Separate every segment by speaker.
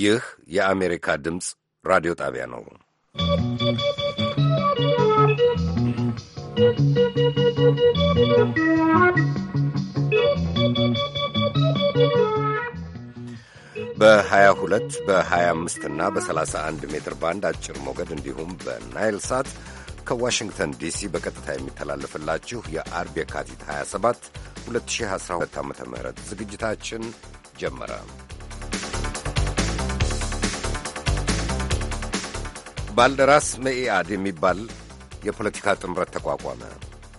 Speaker 1: ይህ የአሜሪካ ድምፅ ራዲዮ ጣቢያ ነው። በ22 በ25 እና በ31 ሜትር ባንድ አጭር ሞገድ እንዲሁም በናይል ሳት ከዋሽንግተን ዲሲ በቀጥታ የሚተላለፍላችሁ የአርብ የካቲት 27 2012 ዓ ም ዝግጅታችን ጀመረ። ባልደራስ መኢአድ የሚባል የፖለቲካ ጥምረት ተቋቋመ።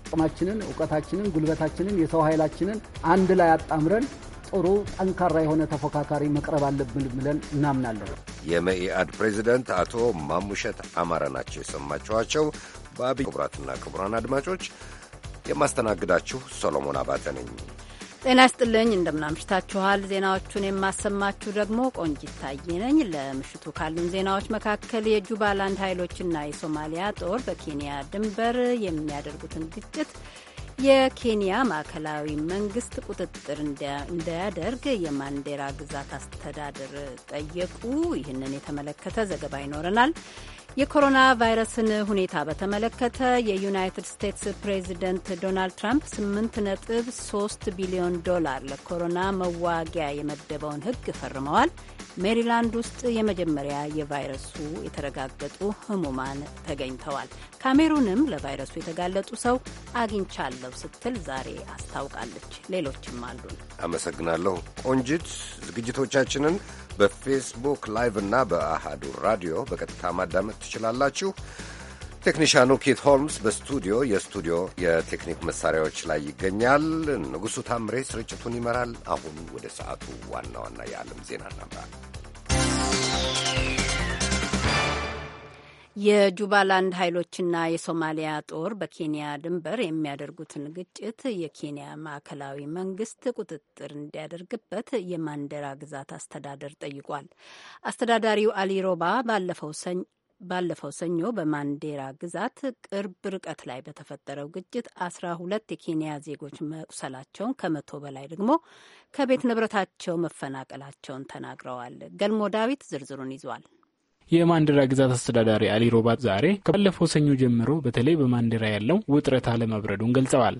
Speaker 2: አቅማችንን፣ እውቀታችንን፣ ጉልበታችንን፣ የሰው ኃይላችንን አንድ ላይ አጣምረን ጥሩ ጠንካራ የሆነ ተፎካካሪ መቅረብ አለብን ብለን እናምናለን።
Speaker 1: የመኢአድ ፕሬዚደንት አቶ ማሙሸት አማረ ናቸው የሰማችኋቸው። በአብይ ክቡራትና ክቡራን አድማጮች የማስተናግዳችሁ ሶሎሞን አባተ ነኝ።
Speaker 3: ጤና ይስጥልኝ እንደምናምሽታችኋል። ዜናዎቹን የማሰማችሁ ደግሞ ቆንጅ ይታየነኝ። ለምሽቱ ካሉን ዜናዎች መካከል የጁባላንድ ኃይሎችና የሶማሊያ ጦር በኬንያ ድንበር የሚያደርጉትን ግጭት የኬንያ ማዕከላዊ መንግስት ቁጥጥር እንዳያደርግ የማንዴራ ግዛት አስተዳደር ጠየቁ። ይህንን የተመለከተ ዘገባ ይኖረናል። የኮሮና ቫይረስን ሁኔታ በተመለከተ የዩናይትድ ስቴትስ ፕሬዚደንት ዶናልድ ትራምፕ 8 ነጥብ 3 ቢሊዮን ዶላር ለኮሮና መዋጊያ የመደበውን ሕግ ፈርመዋል። ሜሪላንድ ውስጥ የመጀመሪያ የቫይረሱ የተረጋገጡ ህሙማን ተገኝተዋል። ካሜሩንም ለቫይረሱ የተጋለጡ ሰው አግኝቻለሁ ስትል ዛሬ አስታውቃለች። ሌሎችም አሉ።
Speaker 1: አመሰግናለሁ ቆንጅት ዝግጅቶቻችንን በፌስቡክ ላይቭ እና በአሃዱ ራዲዮ በቀጥታ ማዳመጥ ትችላላችሁ። ቴክኒሽያኑ ኬት ሆልምስ በስቱዲዮ የስቱዲዮ የቴክኒክ መሳሪያዎች ላይ ይገኛል። ንጉሡ ታምሬ ስርጭቱን ይመራል። አሁን ወደ ሰዓቱ ዋና ዋና የዓለም ዜና እናምራል።
Speaker 3: የጁባላንድ ኃይሎችና የሶማሊያ ጦር በኬንያ ድንበር የሚያደርጉትን ግጭት የኬንያ ማዕከላዊ መንግስት ቁጥጥር እንዲያደርግበት የማንዴራ ግዛት አስተዳደር ጠይቋል። አስተዳዳሪው አሊ ሮባ ባለፈው ሰኞ ባለፈው ሰኞ በማንዴራ ግዛት ቅርብ ርቀት ላይ በተፈጠረው ግጭት አስራ ሁለት የኬንያ ዜጎች መቁሰላቸውን ከመቶ በላይ ደግሞ ከቤት ንብረታቸው መፈናቀላቸውን ተናግረዋል። ገልሞ ዳዊት ዝርዝሩን ይዟል።
Speaker 4: የማንዴራ ግዛት አስተዳዳሪ አሊ ሮባት ዛሬ ከባለፈው ሰኞ ጀምሮ በተለይ በማንዴራ ያለው ውጥረት አለመብረዱን
Speaker 1: ገልጸዋል።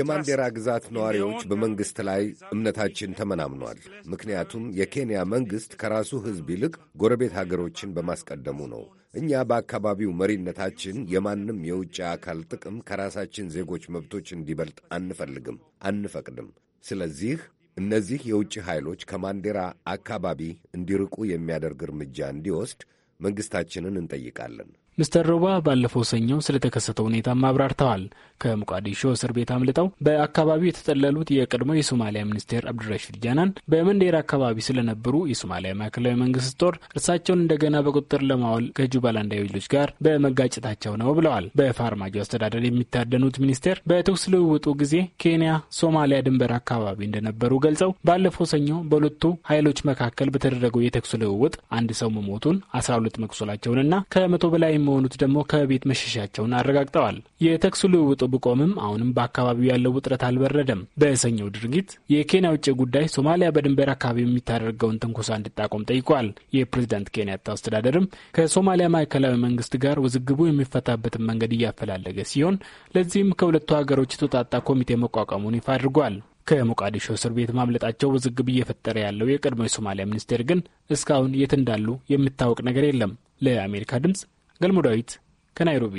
Speaker 1: የማንዴራ ግዛት ነዋሪዎች በመንግስት ላይ እምነታችን ተመናምኗል። ምክንያቱም የኬንያ መንግስት ከራሱ ሕዝብ ይልቅ ጎረቤት ሀገሮችን በማስቀደሙ ነው። እኛ በአካባቢው መሪነታችን የማንም የውጭ አካል ጥቅም ከራሳችን ዜጎች መብቶች እንዲበልጥ አንፈልግም፣ አንፈቅድም። ስለዚህ እነዚህ የውጭ ኃይሎች ከማንዴራ አካባቢ እንዲርቁ የሚያደርግ እርምጃ እንዲወስድ መንግሥታችንን እንጠይቃለን።
Speaker 4: ሚስተር ሮባ ባለፈው ሰኞ ስለተከሰተው ሁኔታም አብራርተዋል። ከሞቃዲሾ እስር ቤት አምልጠው በአካባቢው የተጠለሉት የቀድሞ የሶማሊያ ሚኒስቴር አብዱራሽድ ጃናን በመንዴር አካባቢ ስለነበሩ የሶማሊያ ማዕከላዊ መንግስት ጦር እርሳቸውን እንደገና በቁጥጥር ለማዋል ከጁባላንድ ኃይሎች ጋር በመጋጨታቸው ነው ብለዋል። በፋርማጆ አስተዳደር የሚታደኑት ሚኒስቴር በተኩስ ልውውጡ ጊዜ ኬንያ ሶማሊያ ድንበር አካባቢ እንደነበሩ ገልጸው ባለፈው ሰኞ በሁለቱ ኃይሎች መካከል በተደረገው የተኩስ ልውውጥ አንድ ሰው መሞቱን፣ አስራ ሁለት መቁሰላቸውንና ከመቶ በላይ የሚሆኑት ደግሞ ከቤት መሸሻቸውን አረጋግጠዋል። የተኩሱ ልውውጡ ብቆምም አሁንም በአካባቢው ያለው ውጥረት አልበረደም። በሰኞው ድርጊት የኬንያ ውጭ ጉዳይ ሶማሊያ በድንበር አካባቢ የሚታደርገውን ትንኮሳ እንድታቆም ጠይቋል። የፕሬዚዳንት ኬንያታ አስተዳደርም ከሶማሊያ ማዕከላዊ መንግስት ጋር ውዝግቡ የሚፈታበትን መንገድ እያፈላለገ ሲሆን ለዚህም ከሁለቱ ሀገሮች የተውጣጣ ኮሚቴ መቋቋሙን ይፋ አድርጓል። ከሞቃዲሾ እስር ቤት ማምለጣቸው ውዝግብ እየፈጠረ ያለው የቀድሞ የሶማሊያ ሚኒስቴር ግን እስካሁን የት እንዳሉ የሚታወቅ ነገር የለም። ለአሜሪካ ድምጽ ገልሞ ዳዊት ከናይሮቢ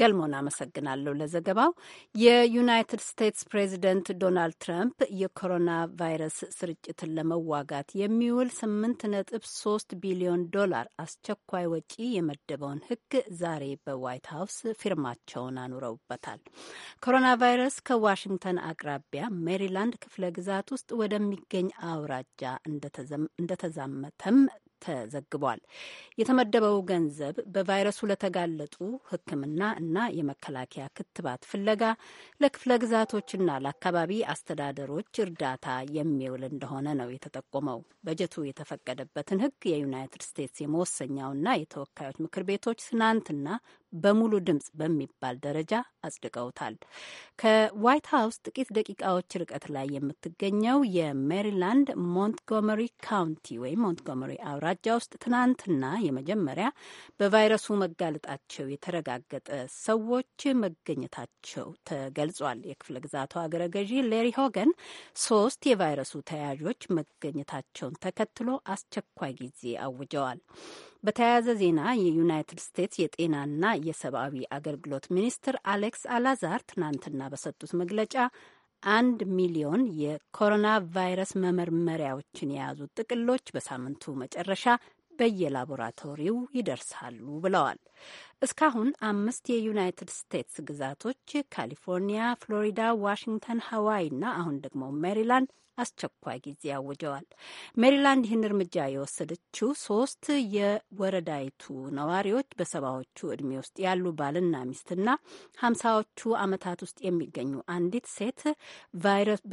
Speaker 3: ገልሞን አመሰግናለሁ ለዘገባው። የዩናይትድ ስቴትስ ፕሬዚደንት ዶናልድ ትራምፕ የኮሮና ቫይረስ ስርጭትን ለመዋጋት የሚውል ስምንት ነጥብ ሶስት ቢሊዮን ዶላር አስቸኳይ ወጪ የመደበውን ሕግ ዛሬ በዋይት ሀውስ ፊርማቸውን አኑረውበታል። ኮሮና ቫይረስ ከዋሽንግተን አቅራቢያ ሜሪላንድ ክፍለ ግዛት ውስጥ ወደሚገኝ አውራጃ እንደተዛመተም ተዘግቧል። የተመደበው ገንዘብ በቫይረሱ ለተጋለጡ ሕክምና እና የመከላከያ ክትባት ፍለጋ ለክፍለ ግዛቶችና ለአካባቢ አስተዳደሮች እርዳታ የሚውል እንደሆነ ነው የተጠቆመው። በጀቱ የተፈቀደበትን ሕግ የዩናይትድ ስቴትስ የመወሰኛውና የተወካዮች ምክር ቤቶች ትናንትና በሙሉ ድምፅ በሚባል ደረጃ አጽድቀውታል። ከዋይት ሀውስ ጥቂት ደቂቃዎች ርቀት ላይ የምትገኘው የሜሪላንድ ሞንትጎመሪ ካውንቲ ወይም ሞንትጎመሪ አውራጃ ውስጥ ትናንትና የመጀመሪያ በቫይረሱ መጋለጣቸው የተረጋገጠ ሰዎች መገኘታቸው ተገልጿል። የክፍለ ግዛቱ አገረ ገዢ ሌሪ ሆገን ሶስት የቫይረሱ ተያዦች መገኘታቸውን ተከትሎ አስቸኳይ ጊዜ አውጀዋል። በተያያዘ ዜና የዩናይትድ ስቴትስ የጤናና የሰብአዊ አገልግሎት ሚኒስትር አሌክስ አላዛር ትናንትና በሰጡት መግለጫ አንድ ሚሊዮን የኮሮና ቫይረስ መመርመሪያዎችን የያዙ ጥቅሎች በሳምንቱ መጨረሻ በየላቦራቶሪው ይደርሳሉ ብለዋል። እስካሁን አምስት የዩናይትድ ስቴትስ ግዛቶች ካሊፎርኒያ፣ ፍሎሪዳ፣ ዋሽንግተን፣ ሀዋይ እና አሁን ደግሞ ሜሪላንድ አስቸኳይ ጊዜ አውጀዋል። ሜሪላንድ ይህን እርምጃ የወሰደችው ሶስት የወረዳይቱ ነዋሪዎች በሰባዎቹ እድሜ ውስጥ ያሉ ባልና ሚስትና ሀምሳዎቹ አመታት ውስጥ የሚገኙ አንዲት ሴት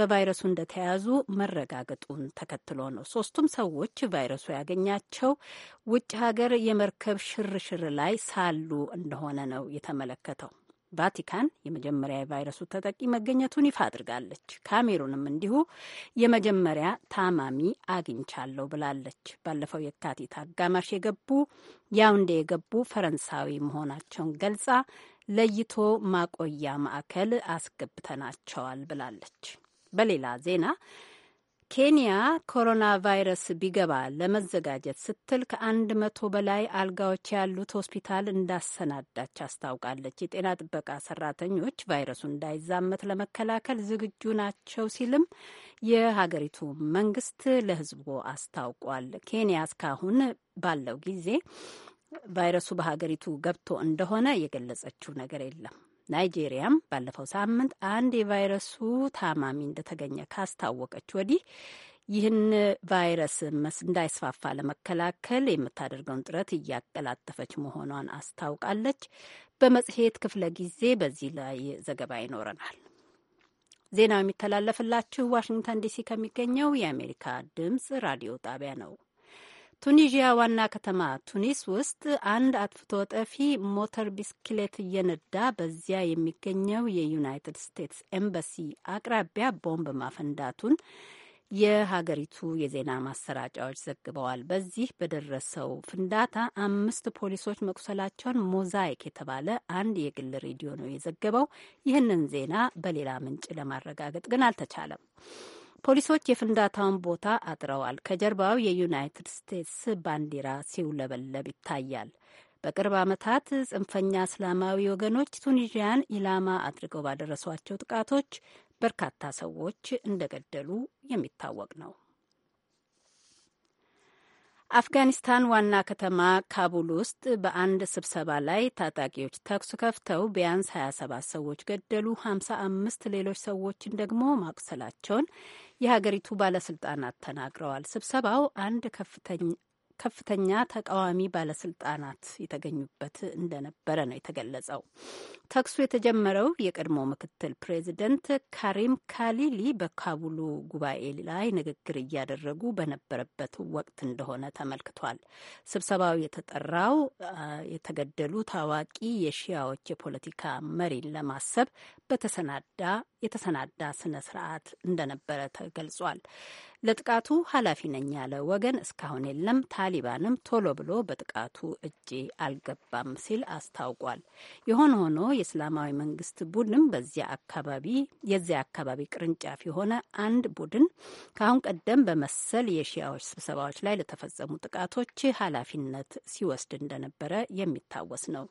Speaker 3: በቫይረሱ እንደተያዙ መረጋገጡን ተከትሎ ነው። ሶስቱም ሰዎች ቫይረሱ ያገኛቸው ውጭ ሀገር የመርከብ ሽርሽር ላይ ሳሉ እንደሆነ ነው የተመለከተው። ቫቲካን የመጀመሪያ የቫይረሱ ተጠቂ መገኘቱን ይፋ አድርጋለች። ካሜሩንም እንዲሁ የመጀመሪያ ታማሚ አግኝቻለሁ ብላለች። ባለፈው የካቲት አጋማሽ የገቡ ያውንዴ የገቡ ፈረንሳዊ መሆናቸውን ገልጻ ለይቶ ማቆያ ማዕከል አስገብተናቸዋል ብላለች። በሌላ ዜና ኬንያ ኮሮና ቫይረስ ቢገባ ለመዘጋጀት ስትል ከአንድ መቶ በላይ አልጋዎች ያሉት ሆስፒታል እንዳሰናዳች አስታውቃለች። የጤና ጥበቃ ሰራተኞች ቫይረሱ እንዳይዛመት ለመከላከል ዝግጁ ናቸው ሲልም የሀገሪቱ መንግስት ለህዝቡ አስታውቋል። ኬንያ እስካሁን ባለው ጊዜ ቫይረሱ በሀገሪቱ ገብቶ እንደሆነ የገለጸችው ነገር የለም። ናይጄሪያም ባለፈው ሳምንት አንድ የቫይረሱ ታማሚ እንደተገኘ ካስታወቀች ወዲህ ይህን ቫይረስ እንዳይስፋፋ ለመከላከል የምታደርገውን ጥረት እያቀላጠፈች መሆኗን አስታውቃለች። በመጽሔት ክፍለ ጊዜ በዚህ ላይ ዘገባ ይኖረናል። ዜናው የሚተላለፍላችሁ ዋሽንግተን ዲሲ ከሚገኘው የአሜሪካ ድምፅ ራዲዮ ጣቢያ ነው። ቱኒዥያ ዋና ከተማ ቱኒስ ውስጥ አንድ አጥፍቶ ጠፊ ሞተር ቢስክሌት እየነዳ በዚያ የሚገኘው የዩናይትድ ስቴትስ ኤምባሲ አቅራቢያ ቦምብ ማፈንዳቱን የሀገሪቱ የዜና ማሰራጫዎች ዘግበዋል። በዚህ በደረሰው ፍንዳታ አምስት ፖሊሶች መቁሰላቸውን ሞዛይክ የተባለ አንድ የግል ሬዲዮ ነው የዘገበው። ይህንን ዜና በሌላ ምንጭ ለማረጋገጥ ግን አልተቻለም። ፖሊሶች የፍንዳታውን ቦታ አጥረዋል። ከጀርባው የዩናይትድ ስቴትስ ባንዲራ ሲውለበለብ ይታያል። በቅርብ ዓመታት ጽንፈኛ እስላማዊ ወገኖች ቱኒዥያን ኢላማ አድርገው ባደረሷቸው ጥቃቶች በርካታ ሰዎች እንደገደሉ የሚታወቅ ነው። አፍጋኒስታን ዋና ከተማ ካቡል ውስጥ በአንድ ስብሰባ ላይ ታጣቂዎች ተኩስ ከፍተው ቢያንስ 27 ሰዎች ገደሉ፣ 55 ሌሎች ሰዎችን ደግሞ ማቁሰላቸውን የሀገሪቱ ባለስልጣናት ተናግረዋል። ስብሰባው አንድ ከፍተኛ ከፍተኛ ተቃዋሚ ባለስልጣናት የተገኙበት እንደነበረ ነው የተገለጸው። ተኩሱ የተጀመረው የቀድሞ ምክትል ፕሬዚደንት ካሪም ካሊሊ በካቡሉ ጉባኤ ላይ ንግግር እያደረጉ በነበረበት ወቅት እንደሆነ ተመልክቷል። ስብሰባው የተጠራው የተገደሉ ታዋቂ የሺያዎች የፖለቲካ መሪን ለማሰብ በተሰናዳ የተሰናዳ ስነ ስርዓት እንደነበረ ተገልጿል። ለጥቃቱ ኃላፊ ነኝ ያለ ወገን እስካሁን የለም። ታሊባንም ቶሎ ብሎ በጥቃቱ እጂ አልገባም ሲል አስታውቋል። የሆነ ሆኖ የእስላማዊ መንግስት ቡድን በዚያ አካባቢ የዚያ አካባቢ ቅርንጫፍ የሆነ አንድ ቡድን ከአሁን ቀደም በመሰል የሺያዎች ስብሰባዎች ላይ ለተፈጸሙ ጥቃቶች ኃላፊነት ሲወስድ እንደነበረ የሚታወስ ነው።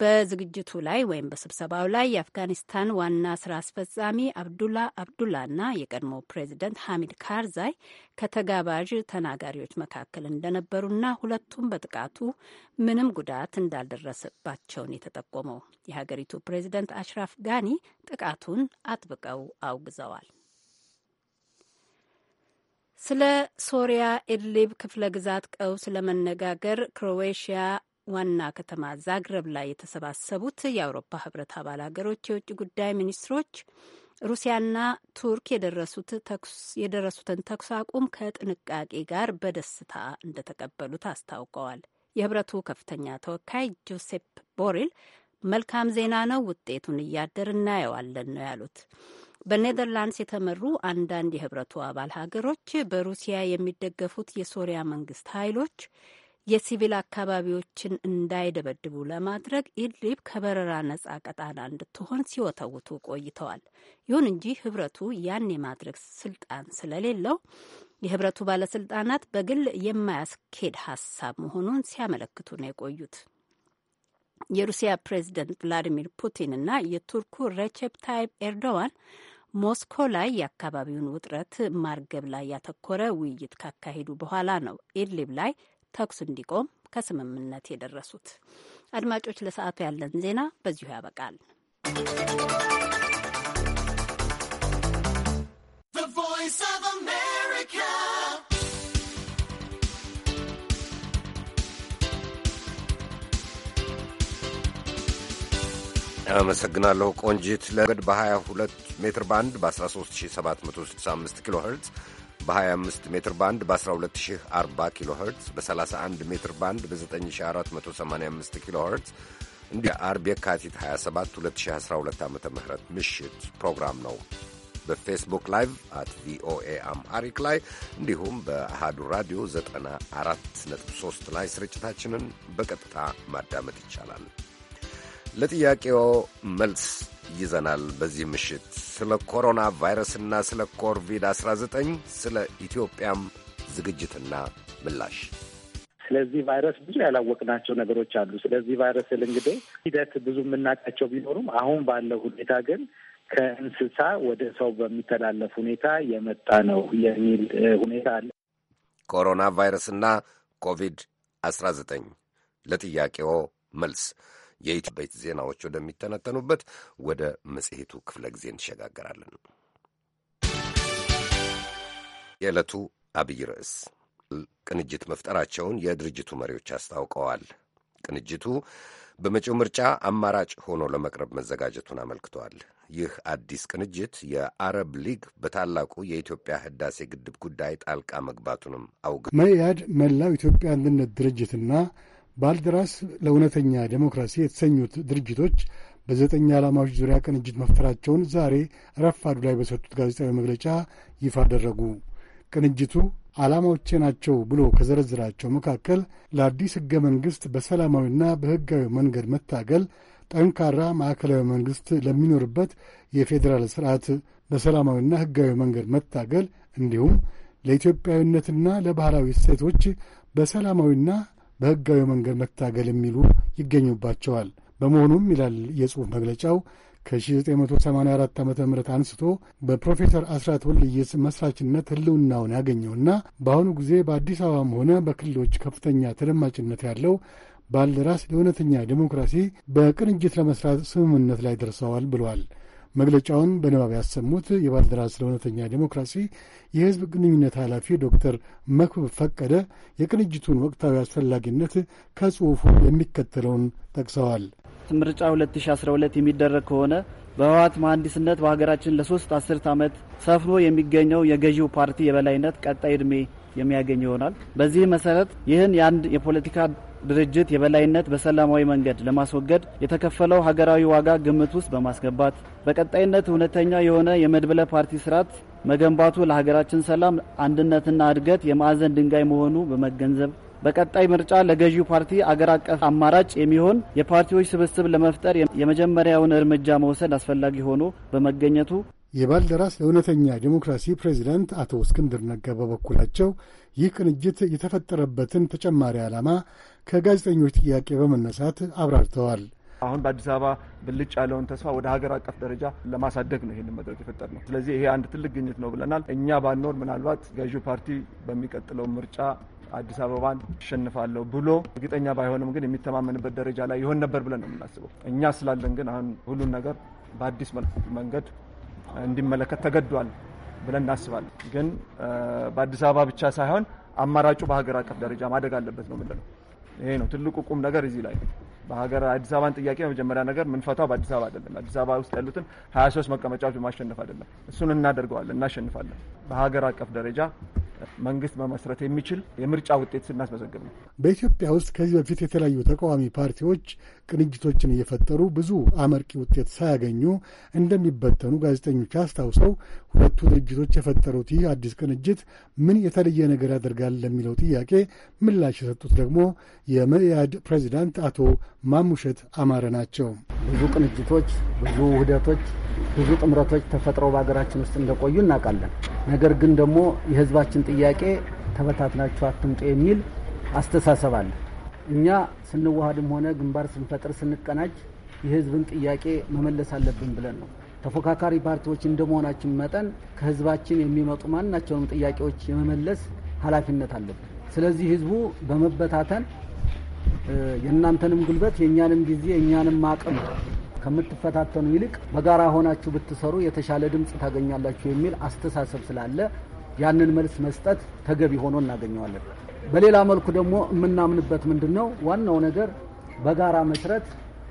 Speaker 3: በዝግጅቱ ላይ ወይም በስብሰባው ላይ የአፍጋኒስታን ዋና ስራ አስፈጻሚ አብዱላ አብዱላ እና የቀድሞ ፕሬዚደንት ሐሚድ ካርዛይ ከተጋባዥ ተናጋሪዎች መካከል እንደነበሩና ሁለቱም በጥቃቱ ምንም ጉዳት እንዳልደረሰባቸውን የተጠቆመው የሀገሪቱ ፕሬዚደንት አሽራፍ ጋኒ ጥቃቱን አጥብቀው አውግዘዋል። ስለ ሶሪያ ኢድሊብ ክፍለ ግዛት ቀውስ ለመነጋገር ክሮዌሽያ ዋና ከተማ ዛግረብ ላይ የተሰባሰቡት የአውሮፓ ህብረት አባል ሀገሮች የውጭ ጉዳይ ሚኒስትሮች ሩሲያና ቱርክ የደረሱትን ተኩስ አቁም ከጥንቃቄ ጋር በደስታ እንደተቀበሉት አስታውቀዋል። የህብረቱ ከፍተኛ ተወካይ ጆሴፕ ቦሬል መልካም ዜና ነው፣ ውጤቱን እያደር እናየዋለን ነው ያሉት። በኔዘርላንድስ የተመሩ አንዳንድ የህብረቱ አባል ሀገሮች በሩሲያ የሚደገፉት የሶሪያ መንግስት ኃይሎች የሲቪል አካባቢዎችን እንዳይደበድቡ ለማድረግ ኢድሊብ ከበረራ ነጻ ቀጣና እንድትሆን ሲወተውቱ ቆይተዋል። ይሁን እንጂ ህብረቱ ያን የማድረግ ስልጣን ስለሌለው የህብረቱ ባለስልጣናት በግል የማያስኬድ ሀሳብ መሆኑን ሲያመለክቱ ነው የቆዩት። የሩሲያ ፕሬዚደንት ቭላዲሚር ፑቲን እና የቱርኩ ሬቼፕ ታይፕ ኤርዶዋን ሞስኮ ላይ የአካባቢውን ውጥረት ማርገብ ላይ ያተኮረ ውይይት ካካሄዱ በኋላ ነው ኢድሊብ ላይ ተኩስ እንዲቆም ከስምምነት የደረሱት። አድማጮች፣ ለሰዓቱ ያለን ዜና በዚሁ ያበቃል።
Speaker 1: አመሰግናለሁ ቆንጂት። ለገድ በ22 ሜትር ባንድ በ13765 ኪሎ ኸርትዝ በ25 ሜትር ባንድ በ12040 ኪሎ ኸርትዝ በ31 ሜትር ባንድ በ9485 ኪሎ ኸርትዝ እንዲህ አርብ የካቲት 27 2012 ዓ ም ምሽት ፕሮግራም ነው። በፌስቡክ ላይቭ አት ቪኦኤ አምሃሪክ ላይ እንዲሁም በአሃዱ ራዲዮ 94.3 ላይ ስርጭታችንን በቀጥታ ማዳመጥ ይቻላል። ለጥያቄው መልስ ይዘናል። በዚህ ምሽት ስለ ኮሮና ቫይረስና ስለ ኮቪድ-19 ስለ ኢትዮጵያም ዝግጅትና ምላሽ
Speaker 5: ስለዚህ ቫይረስ ብዙ ያላወቅናቸው ነገሮች አሉ። ስለዚህ ቫይረስ ል እንግዲህ ሂደት ብዙ የምናውቃቸው ቢኖሩም አሁን ባለው ሁኔታ ግን ከእንስሳ ወደ ሰው በሚተላለፍ ሁኔታ የመጣ ነው የሚል ሁኔታ
Speaker 1: አለ። ኮሮና ቫይረስና ኮቪድ 19 ለጥያቄዎ መልስ የኢትዮጵያ ዜናዎች ወደሚተነተኑበት ወደ መጽሔቱ ክፍለ ጊዜ እንሸጋገራለን። የዕለቱ አብይ ርዕስ ቅንጅት መፍጠራቸውን የድርጅቱ መሪዎች አስታውቀዋል። ቅንጅቱ በመጪው ምርጫ አማራጭ ሆኖ ለመቅረብ መዘጋጀቱን አመልክቷል። ይህ አዲስ ቅንጅት የአረብ ሊግ በታላቁ የኢትዮጵያ ህዳሴ ግድብ ጉዳይ ጣልቃ
Speaker 6: መግባቱንም አውግ መኢአድ መላው ኢትዮጵያ አንድነት ድርጅትና ባልደራስ ለእውነተኛ ዴሞክራሲ የተሰኙት ድርጅቶች በዘጠኝ ዓላማዎች ዙሪያ ቅንጅት መፍጠራቸውን ዛሬ ረፋዱ ላይ በሰጡት ጋዜጣዊ መግለጫ ይፋ አደረጉ። ቅንጅቱ ዓላማዎቼ ናቸው ብሎ ከዘረዝራቸው መካከል ለአዲስ ሕገ መንግሥት በሰላማዊና በሕጋዊ መንገድ መታገል፣ ጠንካራ ማዕከላዊ መንግሥት ለሚኖርበት የፌዴራል ሥርዓት በሰላማዊና ሕጋዊ መንገድ መታገል እንዲሁም ለኢትዮጵያዊነትና ለባህላዊ እሴቶች በሰላማዊና በህጋዊ መንገድ መታገል የሚሉ ይገኙባቸዋል። በመሆኑም ይላል የጽሑፍ መግለጫው ከ1984 ዓ ም አንስቶ በፕሮፌሰር አስራት ወልደየስ መስራችነት ህልውናውን ያገኘውና በአሁኑ ጊዜ በአዲስ አበባም ሆነ በክልሎች ከፍተኛ ተደማጭነት ያለው ባልደራስ ለእውነተኛ ዲሞክራሲ በቅንጅት ለመስራት ስምምነት ላይ ደርሰዋል ብሏል። መግለጫውን በንባብ ያሰሙት የባልደራስ ለእውነተኛ ዴሞክራሲ የሕዝብ ግንኙነት ኃላፊ ዶክተር መክብብ ፈቀደ የቅንጅቱን ወቅታዊ አስፈላጊነት ከጽሑፉ የሚከተለውን ጠቅሰዋል።
Speaker 2: ምርጫ 2012 የሚደረግ ከሆነ በህወሓት መሐንዲስነት በሀገራችን ለሶስት አስርት ዓመት ሰፍኖ የሚገኘው የገዢው ፓርቲ የበላይነት ቀጣይ ዕድሜ የሚያገኝ ይሆናል። በዚህ መሰረት ይህን የአንድ የፖለቲካ ድርጅት የበላይነት በሰላማዊ መንገድ ለማስወገድ የተከፈለው ሀገራዊ ዋጋ ግምት ውስጥ በማስገባት በቀጣይነት እውነተኛ የሆነ የመድብለ ፓርቲ ስርዓት መገንባቱ ለሀገራችን ሰላም፣ አንድነትና እድገት የማዕዘን ድንጋይ መሆኑ በመገንዘብ በቀጣይ ምርጫ ለገዢው ፓርቲ አገር አቀፍ አማራጭ የሚሆን የፓርቲዎች ስብስብ ለመፍጠር የመጀመሪያውን እርምጃ መውሰድ አስፈላጊ ሆኖ በመገኘቱ
Speaker 6: የባልደራስ እውነተኛ ዴሞክራሲ ፕሬዚዳንት አቶ እስክንድር ነጋ በበኩላቸው ይህ ቅንጅት የተፈጠረበትን ተጨማሪ ዓላማ ከጋዜጠኞች ጥያቄ በመነሳት አብራርተዋል።
Speaker 7: አሁን በአዲስ አበባ ብልጭ ያለውን ተስፋ ወደ ሀገር አቀፍ ደረጃ ለማሳደግ ነው ይህንን መድረክ የፈጠር ነው። ስለዚህ ይሄ አንድ ትልቅ ግኝት ነው ብለናል። እኛ ባኖር ምናልባት ገዢው ፓርቲ በሚቀጥለው ምርጫ አዲስ አበባን አሸንፋለሁ ብሎ እርግጠኛ ባይሆንም ግን የሚተማመንበት ደረጃ ላይ ይሆን ነበር ብለን ነው የምናስበው። እኛ ስላለን ግን አሁን ሁሉን ነገር በአዲስ መንገድ እንዲመለከት ተገዷል ብለን እናስባለን። ግን በአዲስ አበባ ብቻ ሳይሆን አማራጩ በሀገር አቀፍ ደረጃ ማደግ አለበት ነው የምንለው። ይሄ ነው ትልቁ ቁም ነገር እዚህ ላይ በሀገር አዲስ አበባን ጥያቄ መጀመሪያ ነገር ምንፈታው በአዲስ አበባ አይደለም። አዲስ አበባ ውስጥ ያሉትን ሀያ ሶስት መቀመጫዎች በማሸነፍ አይደለም። እሱን እናደርገዋለን፣ እናሸንፋለን። በሀገር አቀፍ ደረጃ መንግስት መመስረት የሚችል የምርጫ ውጤት ስናስመዘግብ ነው።
Speaker 6: በኢትዮጵያ ውስጥ ከዚህ በፊት የተለያዩ ተቃዋሚ ፓርቲዎች ቅንጅቶችን እየፈጠሩ ብዙ አመርቂ ውጤት ሳያገኙ እንደሚበተኑ ጋዜጠኞች አስታውሰው፣ ሁለቱ ድርጅቶች የፈጠሩት ይህ አዲስ ቅንጅት ምን የተለየ ነገር ያደርጋል ለሚለው ጥያቄ ምላሽ የሰጡት ደግሞ የመኢአድ ፕሬዚዳንት አቶ ማሙሸት አማረ ናቸው። ብዙ ቅንጅቶች፣ ብዙ ውህደቶች፣ ብዙ
Speaker 2: ጥምረቶች ተፈጥረው በሀገራችን ውስጥ እንደቆዩ እናውቃለን። ነገር ግን ደግሞ የህዝባችን ጥያቄ ተበታትናችሁ አትምጡ የሚል አስተሳሰብ አለ። እኛ ስንዋሃድም ሆነ ግንባር ስንፈጥር ስንቀናጅ የህዝብን ጥያቄ መመለስ አለብን ብለን ነው። ተፎካካሪ ፓርቲዎች እንደመሆናችን መጠን ከህዝባችን የሚመጡ ማናቸውንም ጥያቄዎች የመመለስ ኃላፊነት አለብን። ስለዚህ ህዝቡ በመበታተን የእናንተንም ጉልበት የእኛንም ጊዜ የእኛንም አቅም ከምትፈታተኑ ይልቅ በጋራ ሆናችሁ ብትሰሩ የተሻለ ድምፅ ታገኛላችሁ የሚል አስተሳሰብ ስላለ ያንን መልስ መስጠት ተገቢ ሆኖ እናገኘዋለን። በሌላ መልኩ ደግሞ የምናምንበት ምንድን ነው? ዋናው ነገር በጋራ መስረት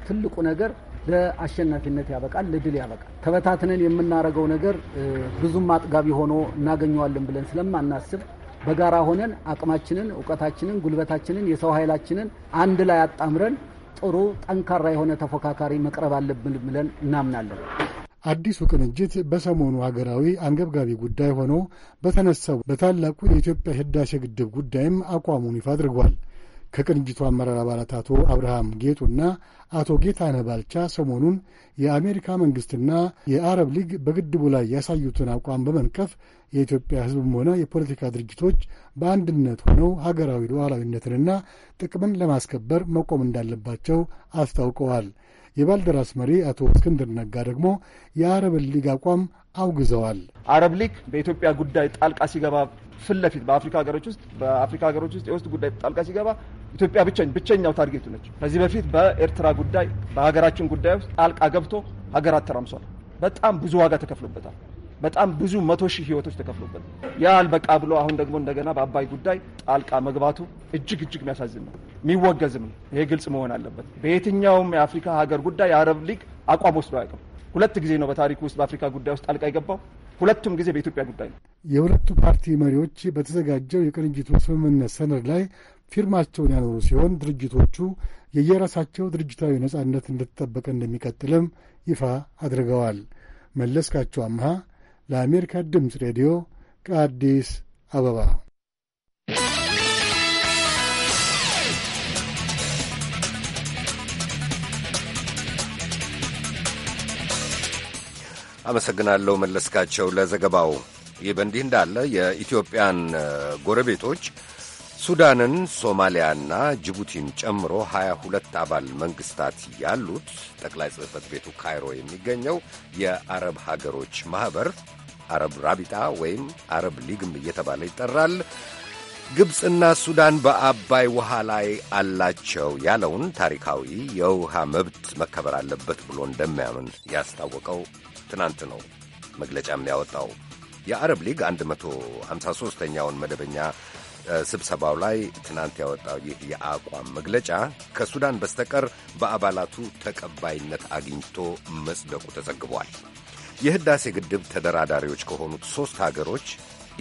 Speaker 2: ትልቁ ነገር ለአሸናፊነት ያበቃል፣ ለድል ያበቃል። ተበታትነን የምናደርገው ነገር ብዙም አጥጋቢ ሆኖ እናገኘዋለን ብለን ስለማናስብ በጋራ ሆነን አቅማችንን፣ እውቀታችንን፣ ጉልበታችንን፣ የሰው ኃይላችንን አንድ ላይ አጣምረን ጥሩ ጠንካራ የሆነ ተፎካካሪ መቅረብ አለብን ብለን እናምናለን።
Speaker 6: አዲሱ ቅንጅት በሰሞኑ ሀገራዊ አንገብጋቢ ጉዳይ ሆኖ በተነሳው በታላቁ የኢትዮጵያ ህዳሴ ግድብ ጉዳይም አቋሙን ይፋ አድርጓል። ከቅንጅቱ አመራር አባላት አቶ አብርሃም ጌጡና አቶ ጌታነ ባልቻ ሰሞኑን የአሜሪካ መንግሥትና የአረብ ሊግ በግድቡ ላይ ያሳዩትን አቋም በመንቀፍ የኢትዮጵያ ሕዝብም ሆነ የፖለቲካ ድርጅቶች በአንድነት ሆነው ሀገራዊ ሉዓላዊነትንና ጥቅምን ለማስከበር መቆም እንዳለባቸው አስታውቀዋል። የባልደራስ መሪ አቶ እስክንድር ነጋ ደግሞ የአረብን ሊግ አቋም አውግዘዋል።
Speaker 7: አረብ ሊግ በኢትዮጵያ ጉዳይ ጣልቃ ሲገባ ፊት ለፊት በአፍሪካ ሀገሮች ውስጥ በአፍሪካ ሀገሮች ውስጥ የውስጥ ጉዳይ ጣልቃ ሲገባ ኢትዮጵያ ብቸኝ ብቸኛው ታርጌቱ ነች። ከዚህ በፊት በኤርትራ ጉዳይ፣ በሀገራችን ጉዳይ ውስጥ ጣልቃ ገብቶ ሀገራት ተራምሷል። በጣም ብዙ ዋጋ ተከፍሎበታል። በጣም ብዙ መቶ ሺህ ህይወቶች ተከፍሎበት ያ አልበቃ ብሎ አሁን ደግሞ እንደገና በአባይ ጉዳይ ጣልቃ መግባቱ እጅግ እጅግ የሚያሳዝን ነው፣ የሚወገዝም ነው። ይሄ ግልጽ መሆን አለበት። በየትኛውም የአፍሪካ ሀገር ጉዳይ የአረብ ሊግ አቋም ወስዶ አያውቅም። ሁለት ጊዜ ነው በታሪክ ውስጥ በአፍሪካ ጉዳይ ውስጥ ጣልቃ የገባው፣ ሁለቱም ጊዜ በኢትዮጵያ ጉዳይ ነው።
Speaker 6: የሁለቱ ፓርቲ መሪዎች በተዘጋጀው የቅንጅቱ ስምምነት ሰነድ ላይ ፊርማቸውን ያኖሩ ሲሆን ድርጅቶቹ የየራሳቸው ድርጅታዊ ነጻነት እንደተጠበቀ እንደሚቀጥልም ይፋ አድርገዋል። መለስካቸው አምሃ ለአሜሪካ ድምፅ ሬዲዮ ከአዲስ አበባ
Speaker 1: አመሰግናለሁ መለስካቸው ለዘገባው። ይህ በእንዲህ እንዳለ የኢትዮጵያን ጎረቤቶች ሱዳንን፣ ሶማሊያና ጅቡቲን ጨምሮ ሀያ ሁለት አባል መንግስታት ያሉት ጠቅላይ ጽሕፈት ቤቱ ካይሮ የሚገኘው የአረብ ሀገሮች ማኅበር አረብ ራቢጣ ወይም አረብ ሊግም እየተባለ ይጠራል ግብፅና ሱዳን በአባይ ውሃ ላይ አላቸው ያለውን ታሪካዊ የውሃ መብት መከበር አለበት ብሎ እንደሚያምን ያስታወቀው ትናንት ነው። መግለጫም ያወጣው የአረብ ሊግ 153ኛውን መደበኛ ስብሰባው ላይ ትናንት ያወጣው ይህ የአቋም መግለጫ ከሱዳን በስተቀር በአባላቱ ተቀባይነት አግኝቶ መጽደቁ ተዘግቧል። የህዳሴ ግድብ ተደራዳሪዎች ከሆኑት ሦስት አገሮች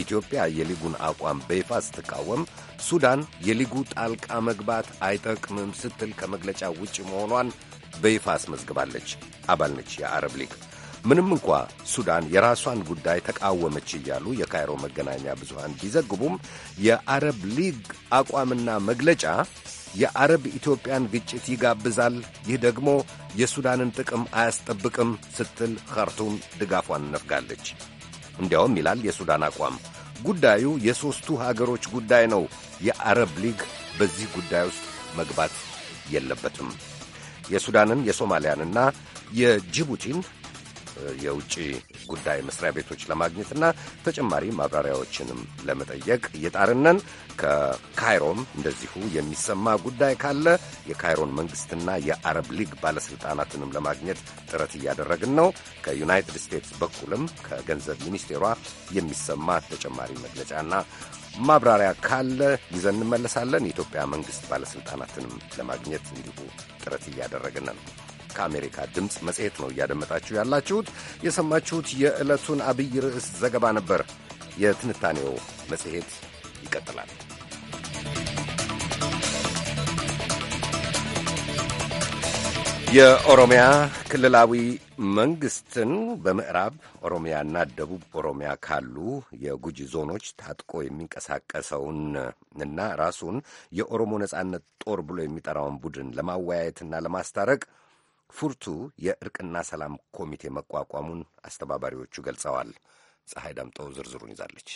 Speaker 1: ኢትዮጵያ የሊጉን አቋም በይፋ ስትቃወም፣ ሱዳን የሊጉ ጣልቃ መግባት አይጠቅምም ስትል ከመግለጫ ውጭ መሆኗን በይፋ አስመዝግባለች። አባል ነች የአረብ ሊግ። ምንም እንኳ ሱዳን የራሷን ጉዳይ ተቃወመች እያሉ የካይሮ መገናኛ ብዙሃን ቢዘግቡም የአረብ ሊግ አቋምና መግለጫ የአረብ ኢትዮጵያን ግጭት ይጋብዛል፣ ይህ ደግሞ የሱዳንን ጥቅም አያስጠብቅም ስትል ካርቱም ድጋፏን ነፍጋለች። እንዲያውም ይላል የሱዳን አቋም፣ ጉዳዩ የሦስቱ አገሮች ጉዳይ ነው። የአረብ ሊግ በዚህ ጉዳይ ውስጥ መግባት የለበትም። የሱዳንን የሶማሊያንና የጅቡቲን የውጭ ጉዳይ መስሪያ ቤቶች ለማግኘትና ተጨማሪ ማብራሪያዎችንም ለመጠየቅ እየጣርነን ከካይሮም እንደዚሁ የሚሰማ ጉዳይ ካለ የካይሮን መንግስትና የአረብ ሊግ ባለሥልጣናትንም ለማግኘት ጥረት እያደረግን ነው። ከዩናይትድ ስቴትስ በኩልም ከገንዘብ ሚኒስቴሯ የሚሰማ ተጨማሪ መግለጫና ማብራሪያ ካለ ይዘን እንመለሳለን። የኢትዮጵያ መንግሥት ባለሥልጣናትንም ለማግኘት እንዲሁ ጥረት እያደረግን ነው። ከአሜሪካ ድምፅ መጽሔት ነው እያደመጣችሁ ያላችሁት። የሰማችሁት የዕለቱን አብይ ርዕስ ዘገባ ነበር። የትንታኔው መጽሔት ይቀጥላል። የኦሮሚያ ክልላዊ መንግስትን በምዕራብ ኦሮሚያና ደቡብ ኦሮሚያ ካሉ የጉጂ ዞኖች ታጥቆ የሚንቀሳቀሰውን እና ራሱን የኦሮሞ ነጻነት ጦር ብሎ የሚጠራውን ቡድን ለማወያየትና ለማስታረቅ ፉርቱ የእርቅና ሰላም ኮሚቴ መቋቋሙን አስተባባሪዎቹ ገልጸዋል። ፀሐይ ዳምጠው ዝርዝሩን ይዛለች።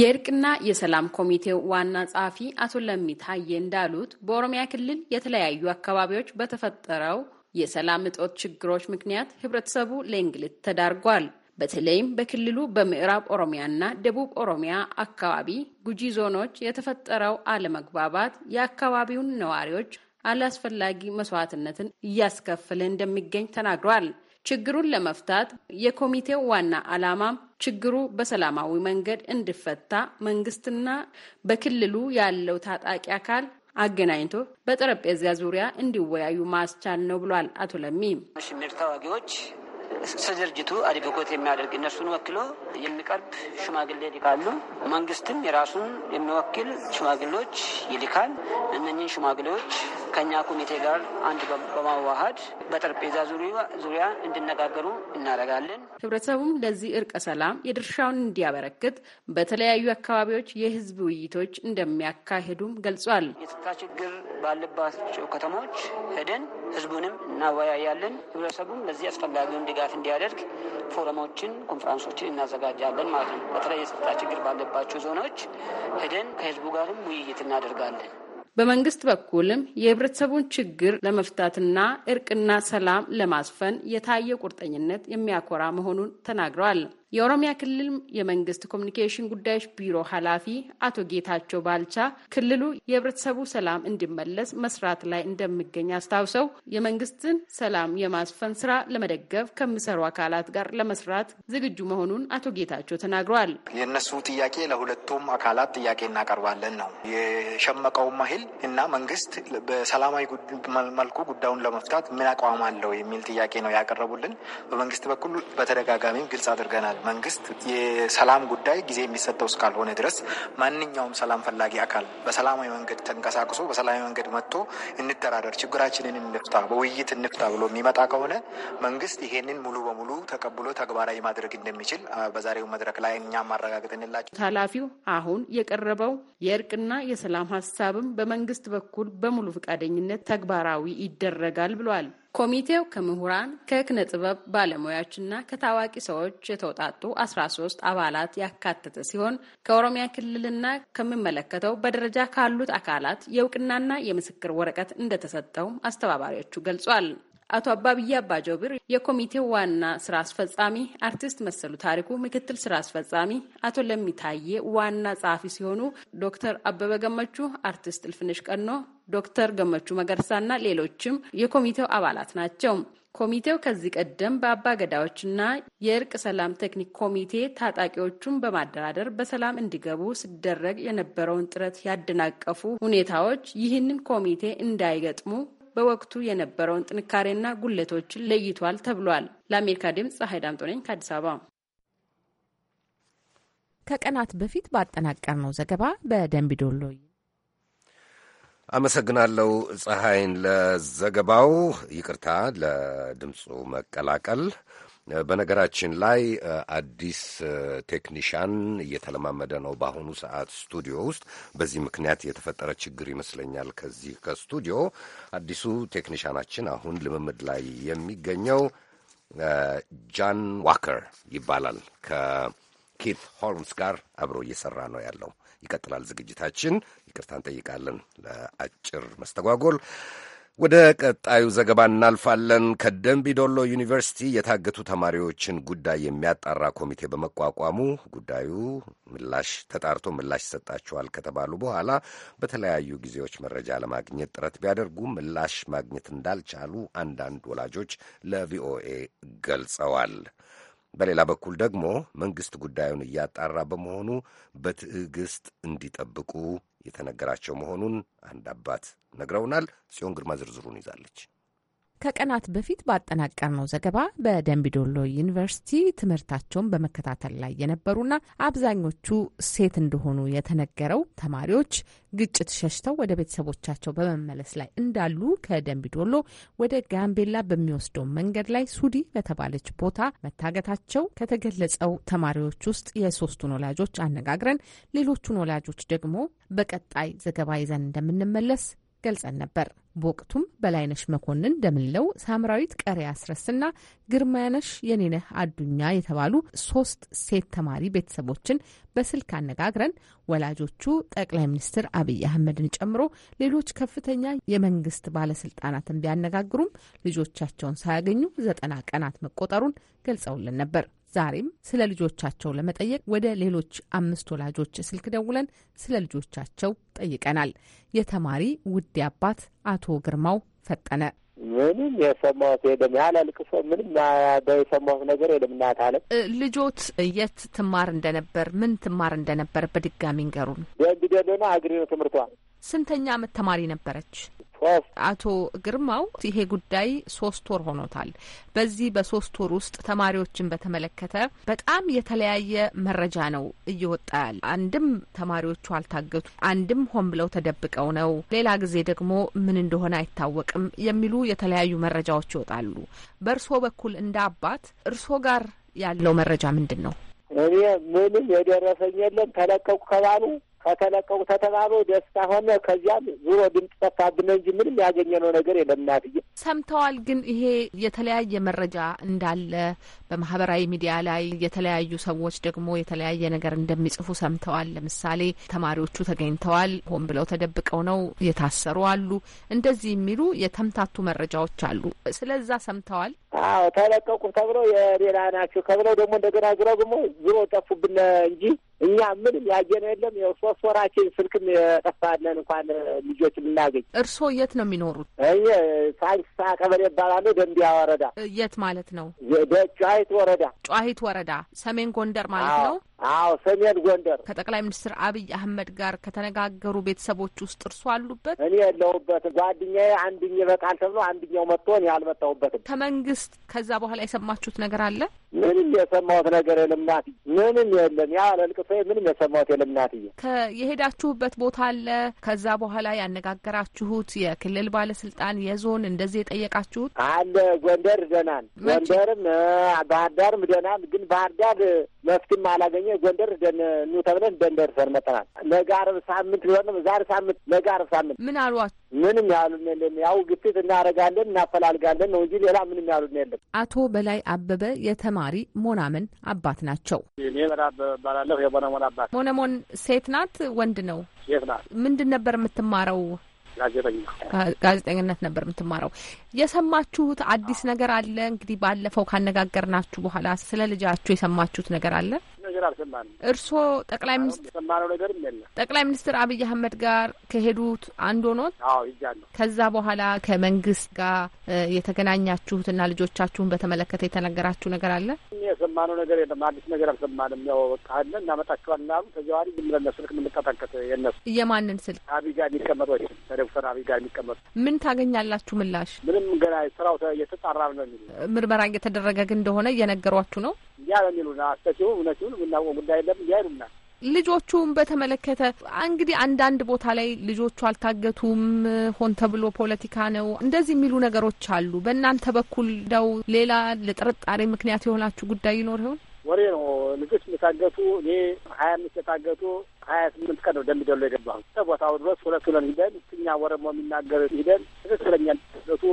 Speaker 8: የእርቅና የሰላም ኮሚቴው ዋና ጸሐፊ አቶ ለሚ ታዬ እንዳሉት በኦሮሚያ ክልል የተለያዩ አካባቢዎች በተፈጠረው የሰላም እጦት ችግሮች ምክንያት ህብረተሰቡ ለእንግልት ተዳርጓል። በተለይም በክልሉ በምዕራብ ኦሮሚያና ደቡብ ኦሮሚያ አካባቢ ጉጂ ዞኖች የተፈጠረው አለመግባባት የአካባቢውን ነዋሪዎች አላስፈላጊ መስዋዕትነትን እያስከፈለ እንደሚገኝ ተናግሯል። ችግሩን ለመፍታት የኮሚቴው ዋና ዓላማም ችግሩ በሰላማዊ መንገድ እንዲፈታ መንግስትና በክልሉ ያለው ታጣቂ አካል አገናኝቶ በጠረጴዛ ዙሪያ እንዲወያዩ ማስቻል ነው ብሏል አቶ ለሚ።
Speaker 9: ሽምር ተዋጊዎች ስድርጅቱ አድብኮት የሚያደርግ እነሱን ወክሎ የሚቀርብ ሽማግሌ ይልካሉ። መንግስትም የራሱን የሚወክል ሽማግሌዎች ይልካል። እነኝን ሽማግሌዎች ከኛ ኮሚቴ ጋር አንድ በማዋሃድ በጠረጴዛ ዙሪያ እንዲነጋገሩ እናደርጋለን።
Speaker 8: ህብረተሰቡም ለዚህ እርቀ ሰላም የድርሻውን እንዲያበረክት በተለያዩ አካባቢዎች የህዝብ ውይይቶች እንደሚያካሂዱም ገልጿል።
Speaker 9: የጸጥታ ችግር ባለባቸው ከተሞች ሄደን ህዝቡንም እናወያያለን። ህብረተሰቡም ለዚህ አስፈላጊውን ድጋፍ እንዲያደርግ ፎረሞችን፣ ኮንፈረንሶችን እናዘጋጃለን ማለት ነው። በተለይ የጸጥታ ችግር ባለባቸው ዞኖች ሄደን ከህዝቡ ጋርም ውይይት እናደርጋለን።
Speaker 8: በመንግስት በኩልም የህብረተሰቡን ችግር ለመፍታትና እርቅና ሰላም ለማስፈን የታየ ቁርጠኝነት የሚያኮራ መሆኑን ተናግረዋል። የኦሮሚያ ክልል የመንግስት ኮሚኒኬሽን ጉዳዮች ቢሮ ኃላፊ አቶ ጌታቸው ባልቻ ክልሉ የህብረተሰቡ ሰላም እንዲመለስ መስራት ላይ እንደሚገኝ አስታውሰው የመንግስትን ሰላም የማስፈን ስራ ለመደገፍ ከሚሰሩ አካላት ጋር ለመስራት ዝግጁ መሆኑን አቶ ጌታቸው ተናግረዋል።
Speaker 4: የእነሱ ጥያቄ ለሁለቱም አካላት ጥያቄ እናቀርባለን ነው የሸመቀውም ማህል እና መንግስት በሰላማዊ መልኩ ጉዳዩን ለመፍታት ምን አቋም አለው የሚል ጥያቄ ነው ያቀረቡልን። በመንግስት በኩል በተደጋጋሚም ግልጽ አድርገናል። መንግስት የሰላም ጉዳይ ጊዜ የሚሰጠው እስካልሆነ ድረስ ማንኛውም ሰላም ፈላጊ አካል በሰላማዊ መንገድ ተንቀሳቅሶ በሰላማዊ መንገድ መጥቶ እንደራደር፣ ችግራችንን እንፍታ፣ በውይይት እንፍታ ብሎ የሚመጣ ከሆነ መንግስት ይሄንን ሙሉ በሙሉ ተቀብሎ ተግባራዊ ማድረግ እንደሚችል በዛሬው መድረክ ላይ እኛም ማረጋገጥ እንላቸው።
Speaker 8: ኃላፊው አሁን የቀረበው የእርቅና የሰላም ሀሳብም በመንግስት በኩል በሙሉ ፈቃደኝነት ተግባራዊ ይደረጋል ብሏል። ኮሚቴው ከምሁራን ከኪነ ጥበብ ባለሙያዎችና ከታዋቂ ሰዎች የተውጣጡ 13 አባላት ያካተተ ሲሆን ከኦሮሚያ ክልልና ከሚመለከተው በደረጃ ካሉት አካላት የእውቅናና የምስክር ወረቀት እንደተሰጠውም አስተባባሪዎቹ ገልጿል። አቶ አባብዬ አባጀብር የኮሚቴው ዋና ስራ አስፈጻሚ፣ አርቲስት መሰሉ ታሪኩ ምክትል ስራ አስፈጻሚ፣ አቶ ለሚታዬ ዋና ጸሐፊ ሲሆኑ ዶክተር አበበ ገመቹ፣ አርቲስት እልፍነሽ ቀኖ፣ ዶክተር ገመቹ መገርሳና ሌሎችም የኮሚቴው አባላት ናቸው። ኮሚቴው ከዚህ ቀደም በአባ ገዳዎችና የእርቅ ሰላም ቴክኒክ ኮሚቴ ታጣቂዎቹን በማደራደር በሰላም እንዲገቡ ሲደረግ የነበረውን ጥረት ያደናቀፉ ሁኔታዎች ይህንን ኮሚቴ እንዳይገጥሙ በወቅቱ የነበረውን ጥንካሬና ጉለቶችን ለይቷል ተብሏል። ለአሜሪካ ድምፅ ፀሐይ ዳምጦ ነኝ
Speaker 10: ከአዲስ አበባ። ከቀናት በፊት ባጠናቀርነው ዘገባ በደንቢዶሎ
Speaker 1: አመሰግናለሁ ፀሐይን ለዘገባው። ይቅርታ ለድምፁ መቀላቀል በነገራችን ላይ አዲስ ቴክኒሽያን እየተለማመደ ነው በአሁኑ ሰዓት ስቱዲዮ ውስጥ። በዚህ ምክንያት የተፈጠረ ችግር ይመስለኛል። ከዚህ ከስቱዲዮ አዲሱ ቴክኒሻናችን አሁን ልምምድ ላይ የሚገኘው ጃን ዋከር ይባላል። ከኬት ሆልምስ ጋር አብሮ እየሰራ ነው ያለው። ይቀጥላል ዝግጅታችን። ይቅርታ እንጠይቃለን ለአጭር መስተጓጎል። ወደ ቀጣዩ ዘገባ እናልፋለን። ከደምቢ ዶሎ ዩኒቨርሲቲ የታገቱ ተማሪዎችን ጉዳይ የሚያጣራ ኮሚቴ በመቋቋሙ ጉዳዩ ምላሽ ተጣርቶ ምላሽ ይሰጣቸዋል ከተባሉ በኋላ በተለያዩ ጊዜዎች መረጃ ለማግኘት ጥረት ቢያደርጉ ምላሽ ማግኘት እንዳልቻሉ አንዳንድ ወላጆች ለቪኦኤ ገልጸዋል። በሌላ በኩል ደግሞ መንግሥት ጉዳዩን እያጣራ በመሆኑ በትዕግሥት እንዲጠብቁ የተነገራቸው መሆኑን አንድ አባት ነግረውናል። ጽዮን ግርማ ዝርዝሩን ይዛለች።
Speaker 10: ከቀናት በፊት ባጠናቀርነው ዘገባ በደንቢዶሎ ዩኒቨርሲቲ ትምህርታቸውን በመከታተል ላይ የነበሩና አብዛኞቹ ሴት እንደሆኑ የተነገረው ተማሪዎች ግጭት ሸሽተው ወደ ቤተሰቦቻቸው በመመለስ ላይ እንዳሉ ከደንቢዶሎ ወደ ጋምቤላ በሚወስደው መንገድ ላይ ሱዲ በተባለች ቦታ መታገታቸው ከተገለጸው ተማሪዎች ውስጥ የሶስቱን ወላጆች አነጋግረን ሌሎቹን ወላጆች ደግሞ በቀጣይ ዘገባ ይዘን እንደምንመለስ ገልጸን ነበር። በወቅቱም በላይነሽ መኮንን ደምለው፣ ሳምራዊት ቀሪ አስረስና ግርማያነሽ የኔነህ አዱኛ የተባሉ ሶስት ሴት ተማሪ ቤተሰቦችን በስልክ አነጋግረን ወላጆቹ ጠቅላይ ሚኒስትር አብይ አህመድን ጨምሮ ሌሎች ከፍተኛ የመንግስት ባለስልጣናትን ቢያነጋግሩም ልጆቻቸውን ሳያገኙ ዘጠና ቀናት መቆጠሩን ገልጸውልን ነበር። ዛሬም ስለ ልጆቻቸው ለመጠየቅ ወደ ሌሎች አምስት ወላጆች ስልክ ደውለን ስለ ልጆቻቸው ጠይቀናል። የተማሪ ውድ አባት አቶ ግርማው ፈጠነ
Speaker 11: ምንም የሰማሁት የለም። ያለ ልቅሶ ምንም የሰማሁት ነገር የለም። እናት አለ
Speaker 10: ልጆት የት ትማር እንደነበር ምን ትማር እንደነበር በድጋሚ ንገሩን።
Speaker 11: የእንግዲህ ደና አግሪ ነው ትምህርቷ
Speaker 10: ስንተኛ ዓመት ተማሪ ነበረች? አቶ ግርማው ይሄ ጉዳይ ሶስት ወር ሆኖታል። በዚህ በሶስት ወር ውስጥ ተማሪዎችን በተመለከተ በጣም የተለያየ መረጃ ነው እየወጣ ያለ። አንድም ተማሪዎቹ አልታገቱ፣ አንድም ሆን ብለው ተደብቀው ነው፣ ሌላ ጊዜ ደግሞ ምን እንደሆነ አይታወቅም የሚሉ የተለያዩ መረጃዎች ይወጣሉ። በእርሶ በኩል እንደ አባት እርሶ ጋር ያለው መረጃ ምንድን ነው?
Speaker 11: እኔ ምንም የደረሰኝ የለም ተለቀቁ ከባሉ ከተለቀቁ ተተባበ ደስታ ሆነ። ከዚያም ዙሮ ድምጽ ጠፋብን እንጂ ምንም ያገኘነው ነገር የለም። እናትዬ
Speaker 10: ሰምተዋል። ግን ይሄ የተለያየ መረጃ እንዳለ በማህበራዊ ሚዲያ ላይ የተለያዩ ሰዎች ደግሞ የተለያየ ነገር እንደሚጽፉ ሰምተዋል። ለምሳሌ ተማሪዎቹ ተገኝተዋል፣ ሆን ብለው ተደብቀው ነው የታሰሩ አሉ፣ እንደዚህ የሚሉ የተምታቱ መረጃዎች አሉ።
Speaker 11: ስለዛ ሰምተዋል። አዎ ተለቀቁ ተብለው የሌላ ናቸው ከብለው ደግሞ እንደገና ዙሮ ዙሮ ጠፉብን እንጂ እኛ ምንም ያየነው የለም። ያው ሶስት ወራችን ስልክም የጠፋለን እንኳን ልጆች የምናገኝ። እርስዎ የት ነው የሚኖሩት? እ ሳንክሳ ቀበሌ እባላለሁ፣ ደንቢያ ወረዳ። የት ማለት ነው? ጨዋሂት ወረዳ።
Speaker 10: ጨዋሂት ወረዳ ሰሜን ጎንደር ማለት ነው። አዎ ሰሜን ጎንደር ከጠቅላይ ሚኒስትር አብይ አህመድ ጋር
Speaker 11: ከተነጋገሩ
Speaker 10: ቤተሰቦች ውስጥ እርሱ አሉበት? እኔ
Speaker 11: የለሁበትም። ጓደኛዬ አንድኝ ይበቃል ተብሎ አንድኛው መጥቶ እኔ አልመጣሁበትም።
Speaker 10: ከመንግስት ከዛ በኋላ የሰማችሁት ነገር አለ?
Speaker 11: ምንም የሰማሁት ነገር የለም ምንም የለም። ያ ለልቅሶ ምንም የሰማሁት የለም ናት።
Speaker 10: የሄዳችሁበት ቦታ አለ? ከዛ በኋላ ያነጋገራችሁት የክልል ባለስልጣን፣ የዞን
Speaker 11: እንደዚህ የጠየቃችሁት አለ? ጎንደር ደህና ነን፣ ጎንደርም ባህር ዳርም ደህና ነን። ግን ባህር ዳር መፍትም አላገኘ ጎንደር ደን ኑ ተብለን ደን ደርሰን መጠናል። ነገ ዓርብ ሳምንት ቢሆንም ዛሬ ሳምንት ነገ ዓርብ ሳምንት ምን አሏት? ምንም ያሉን የለም። ያው ግፊት እናደርጋለን እናፈላልጋለን ነው እንጂ ሌላ ምንም ያሉን የለም።
Speaker 10: አቶ በላይ አበበ የተማሪ
Speaker 11: ሞናምን አባት ናቸው። እኔ በላይ እባላለሁ። የሞነሞን አባት።
Speaker 10: ሞነሞን ሴት ናት ወንድ ነው? ሴት ናት። ምንድን ነበር የምትማረው? ጋዜጠኝነት ነበር የምትማረው። የሰማችሁት አዲስ ነገር አለ? እንግዲህ ባለፈው ካነጋገርናችሁ በኋላ ስለ ልጃችሁ የሰማችሁት ነገር አለ? ነገር አልሰማንም። እርስዎ ጠቅላይ ሚኒስትር ሰማነው ነገርም የለም። ጠቅላይ ሚኒስትር አብይ አህመድ ጋር ከሄዱት አንድ ሆኖት? አዎ ይጃለሁ። ከዛ በኋላ ከመንግስት ጋር የተገናኛችሁትና ልጆቻችሁን በተመለከተ የተነገራችሁ ነገር አለ?
Speaker 11: የሰማነው ነገር የለም። አዲስ ነገር አልሰማንም። ያው ወቃለ እናመጣችኋለን አሉ። ከዚያ ዋሪ ዝም ብለን ስልክ የምንቀጣቀጥ የነሱ የማንን ስልክ አብይ ጋር የሚቀመጡት ከዶክተር አብይ ጋር የሚቀመጡ
Speaker 10: ምን ታገኛላችሁ ምላሽ?
Speaker 11: ምንም ገና ስራው እየተጣራ ነው የሚል
Speaker 10: ምርመራ እየተደረገ ግን እንደሆነ እየነገሯችሁ ነው።
Speaker 11: እንዲያ ነው የሚሉና አስተሲው እውነቱን የምናውቀው ጉዳይ የለም እንዲያ ይሉናል።
Speaker 10: ልጆቹም በተመለከተ እንግዲህ አንዳንድ ቦታ ላይ ልጆቹ አልታገቱም፣ ሆን ተብሎ ፖለቲካ ነው እንደዚህ የሚሉ ነገሮች አሉ። በእናንተ በኩል ደው ሌላ ለጥርጣሬ ምክንያት የሆናችሁ ጉዳይ ይኖር ይሆን?
Speaker 11: ወሬ ነው። ልጆች የታገቱ እኔ ሀያ አምስት የታገቱ ሀያ ስምንት ቀን ነው ደምደሎ የገባሁ ቦታው ድረስ ሁለት ሁለት ሂደን እኛ ወረሞ የሚናገር ሂደን ትክክለኛ ታገቱ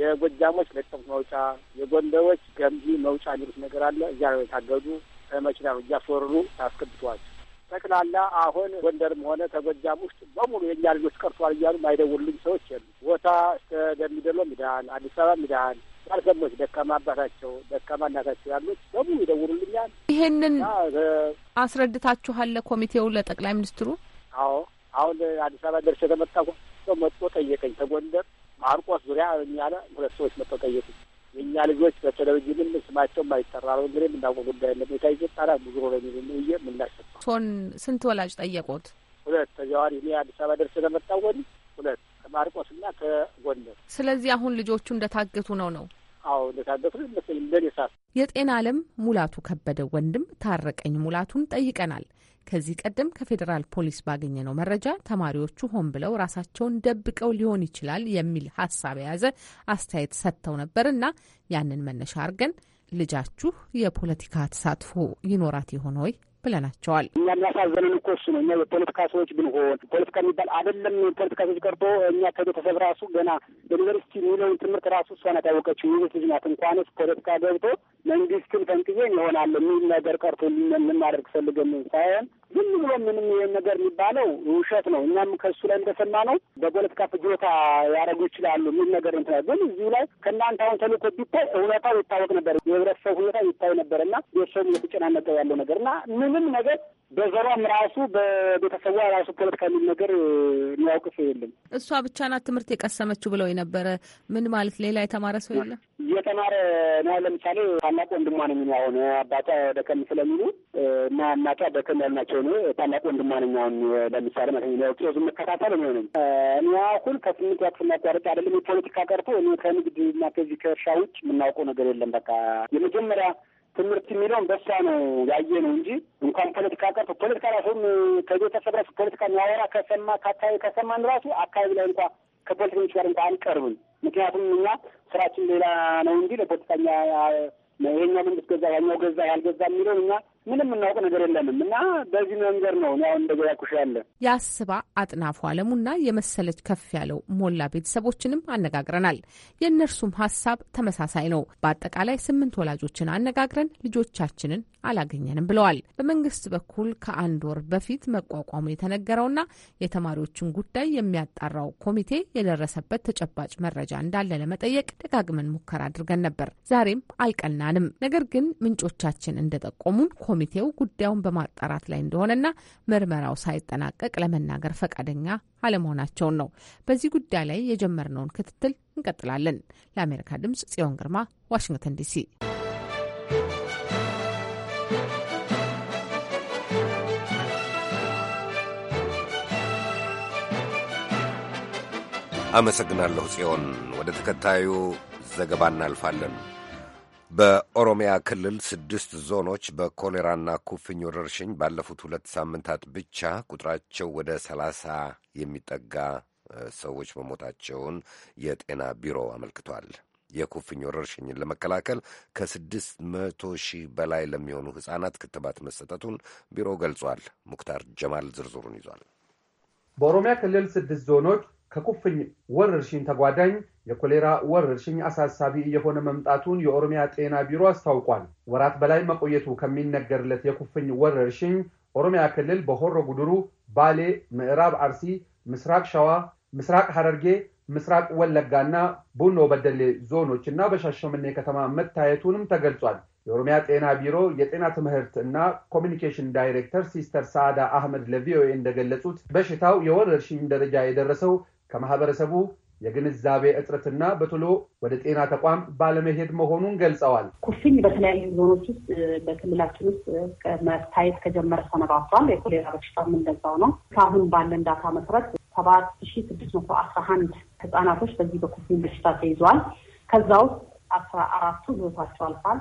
Speaker 11: የጎጃሞች ለቅሶ መውጫ፣ የጎንደሮች ገምጂ መውጫ የሚሉት ነገር አለ። እዚያ ነው የታገዱ መኪና ነው እያስወረሩ ያስገብተዋል። ጠቅላላ አሁን ጎንደርም ሆነ ከጎጃም ውስጥ በሙሉ የእኛ ልጆች ቀርቷል እያሉ ማይደውሉኝ ሰዎች የሉ ቦታ እስከ ደሚደሎም ይደሃል፣ አዲስ አበባ ይደሃል። ባልሰሞች ደካማ አባታቸው ደካማ እናታቸው ያሉት በሙሉ ይደውሉልኛል።
Speaker 10: ይሄንን አስረድታችኋል ለኮሚቴው ለጠቅላይ ሚኒስትሩ?
Speaker 11: አዎ አሁን አዲስ አበባ ደርሼ ሰው መጥቶ ጠየቀኝ ከጎንደር ማርቆስ ዙሪያ እያለ ሁለት ሰዎች መጥተው ጠየቁ። የእኛ ልጆች በቴሌቪዥንም ስማቸው ማይጠራ ነው እንግዲህ የምናውቀው ጉዳይ ነ ጌታ ይዘጣራ ብዙ ሆነ ብዬ የምናሰባ
Speaker 10: ቶን ስንት ወላጅ ጠየቁት?
Speaker 11: ሁለት ተዘዋሪ እኔ አዲስ አበባ ደርስ ለመጣወኒ ሁለት ከማርቆስ ከማርቆስና ከጎንደር።
Speaker 10: ስለዚህ አሁን ልጆቹ እንደታገቱ ነው ነው
Speaker 11: አዎ እንደታደፍን እንደኔ ሳት
Speaker 10: የጤና አለም ሙላቱ ከበደ ወንድም ታረቀኝ ሙላቱን ጠይቀናል። ከዚህ ቀደም ከፌዴራል ፖሊስ ባገኘነው መረጃ ተማሪዎቹ ሆን ብለው ራሳቸውን ደብቀው ሊሆን ይችላል የሚል ሀሳብ የያዘ አስተያየት ሰጥተው ነበር እና ያንን መነሻ አድርገን ልጃችሁ የፖለቲካ ተሳትፎ ይኖራት ይሆን ወይ ብለናቸዋል።
Speaker 9: እኛ የሚያሳዘንን እኮ እሱ ነው። እኛ የፖለቲካ ሰዎች ብንሆን ፖለቲካ የሚባል አይደለም። ፖለቲካ ሰዎች ቀርቶ እኛ ከቤተሰብ ራሱ ገና ዩኒቨርሲቲ የሚለውን ትምህርት ራሱ እሷን ያታወቀችው ያወቀችው። ይዘት ልጅ ናት። እንኳንስ ፖለቲካ ገብቶ መንግስትን ፈንቅዬን ይሆናል የሚል ነገር ቀርቶ ልናደርግ ፈልገን ሳይሆን ዝም ብሎ ምንም ይህን ነገር የሚባለው ውሸት ነው። እኛም ከሱ ላይ እንደሰማ ነው በፖለቲካ ፍጆታ ያደረጉ ይችላሉ የሚል ነገር እንትናል። ግን እዚሁ ላይ ከእናንተ አሁን ተልእኮ ቢታይ እውነታው ይታወቅ ነበር፣ የህብረተሰብ ሁኔታ ይታይ ነበር እና ቤተሰቡ እየተጨናነቀ ያለው ነገር እና ምንም ነገር በዘሯም ራሱ በቤተሰቧ ራሱ ፖለቲካ የሚል ነገር የሚያውቅ ሰው የለም።
Speaker 10: እሷ ብቻ ናት ትምህርት የቀሰመችው ብለው የነበረ ምን ማለት ሌላ የተማረ ሰው የለም።
Speaker 9: እየተማረ ነው ለምሳሌ ታላቅ ወንድሟ ነኝ አሁን አባቷ ደከም ስለሚሉ እና እናቷ ደከም ያልናቸው ነው። ታላቅ ወንድሟ ነኝ አሁን ለምሳሌ ማለት ነው መከታተል ነው ነኝ እኔ አሁን ከስምንት ያክፍና ማቋረጫ አይደለም የፖለቲካ ቀርቶ እኔ ከንግድ እና ከዚህ ከእርሻ ውጭ የምናውቀው ነገር የለም። በቃ የመጀመሪያ ትምህርት የሚለውን በሳ ነው ያየ ነው እንጂ እንኳን ፖለቲካ ቀርቶ ፖለቲካ ራሱም ከቤተሰብ ራሱ ፖለቲካ የሚያወራ ከሰማ ከአካባቢ ከሰማን ራሱ አካባቢ ላይ እንኳ ከፖለቲከኞች ጋር እንኳ አንቀርብም። ምክንያቱም እኛ ስራችን ሌላ ነው እንጂ ለፖለቲካኛ ይሄኛው መንግስት ገዛ ያኛው ገዛ ያልገዛ የሚለውን እኛ ምንም እናውቅ ነገር የለንም እና በዚህ መንገድ ነው አሁን እንደገና ኩሽ ያለ
Speaker 10: የአስባ አጥናፉ አለሙና የመሰለች ከፍ ያለው ሞላ ቤተሰቦችንም አነጋግረናል። የእነርሱም ሀሳብ ተመሳሳይ ነው። በአጠቃላይ ስምንት ወላጆችን አነጋግረን ልጆቻችንን አላገኘንም ብለዋል። በመንግስት በኩል ከአንድ ወር በፊት መቋቋሙ የተነገረውና የተማሪዎችን ጉዳይ የሚያጣራው ኮሚቴ የደረሰበት ተጨባጭ መረጃ እንዳለ ለመጠየቅ ደጋግመን ሙከራ አድርገን ነበር። ዛሬም አልቀናንም። ነገር ግን ምንጮቻችን እንደጠቆሙን ኮሚቴው ጉዳዩን በማጣራት ላይ እንደሆነና ምርመራው ሳይጠናቀቅ ለመናገር ፈቃደኛ አለመሆናቸውን ነው። በዚህ ጉዳይ ላይ የጀመርነውን ክትትል እንቀጥላለን። ለአሜሪካ ድምጽ ጽዮን ግርማ፣ ዋሽንግተን ዲሲ።
Speaker 1: አመሰግናለሁ ጽዮን። ወደ ተከታዩ ዘገባ እናልፋለን። በኦሮሚያ ክልል ስድስት ዞኖች በኮሌራና ኩፍኝ ወረርሽኝ ባለፉት ሁለት ሳምንታት ብቻ ቁጥራቸው ወደ ሰላሳ የሚጠጋ ሰዎች መሞታቸውን የጤና ቢሮ አመልክቷል። የኩፍኝ ወረርሽኝን ለመከላከል ከስድስት መቶ ሺህ በላይ ለሚሆኑ ሕፃናት ክትባት መሰጠቱን ቢሮው ገልጿል። ሙክታር ጀማል ዝርዝሩን ይዟል።
Speaker 12: በኦሮሚያ ክልል ስድስት ዞኖች ከኩፍኝ ወረርሽኝ ተጓዳኝ የኮሌራ ወረርሽኝ አሳሳቢ እየሆነ መምጣቱን የኦሮሚያ ጤና ቢሮ አስታውቋል። ወራት በላይ መቆየቱ ከሚነገርለት የኩፍኝ ወረርሽኝ ኦሮሚያ ክልል በሆሮ ጉድሩ፣ ባሌ፣ ምዕራብ አርሲ፣ ምስራቅ ሸዋ፣ ምስራቅ ሐረርጌ፣ ምስራቅ ወለጋና ቡኖ በደሌ ዞኖች እና በሻሸመኔ ከተማ መታየቱንም ተገልጿል። የኦሮሚያ ጤና ቢሮ የጤና ትምህርት እና ኮሚኒኬሽን ዳይሬክተር ሲስተር ሳዕዳ አህመድ ለቪኦኤ እንደገለጹት በሽታው የወረርሽኝ ደረጃ የደረሰው ከማህበረሰቡ የግንዛቤ እጥረትና በቶሎ ወደ ጤና ተቋም ባለመሄድ መሆኑን ገልጸዋል።
Speaker 13: ኩፍኝ በተለያዩ ዞኖች ውስጥ በክልላችን ውስጥ መታየት ከጀመረ ሰነባብቷል። የኮሌራ በሽታ የምንገልጸው ነው። ከአሁን ባለን ዳታ መሰረት ሰባት ሺ ስድስት መቶ አስራ አንድ ህጻናቶች በዚህ በኩፍኝ በሽታ ተይዘዋል። ከዛ ውስጥ አስራ አራቱ ህይወታቸው አልፏል።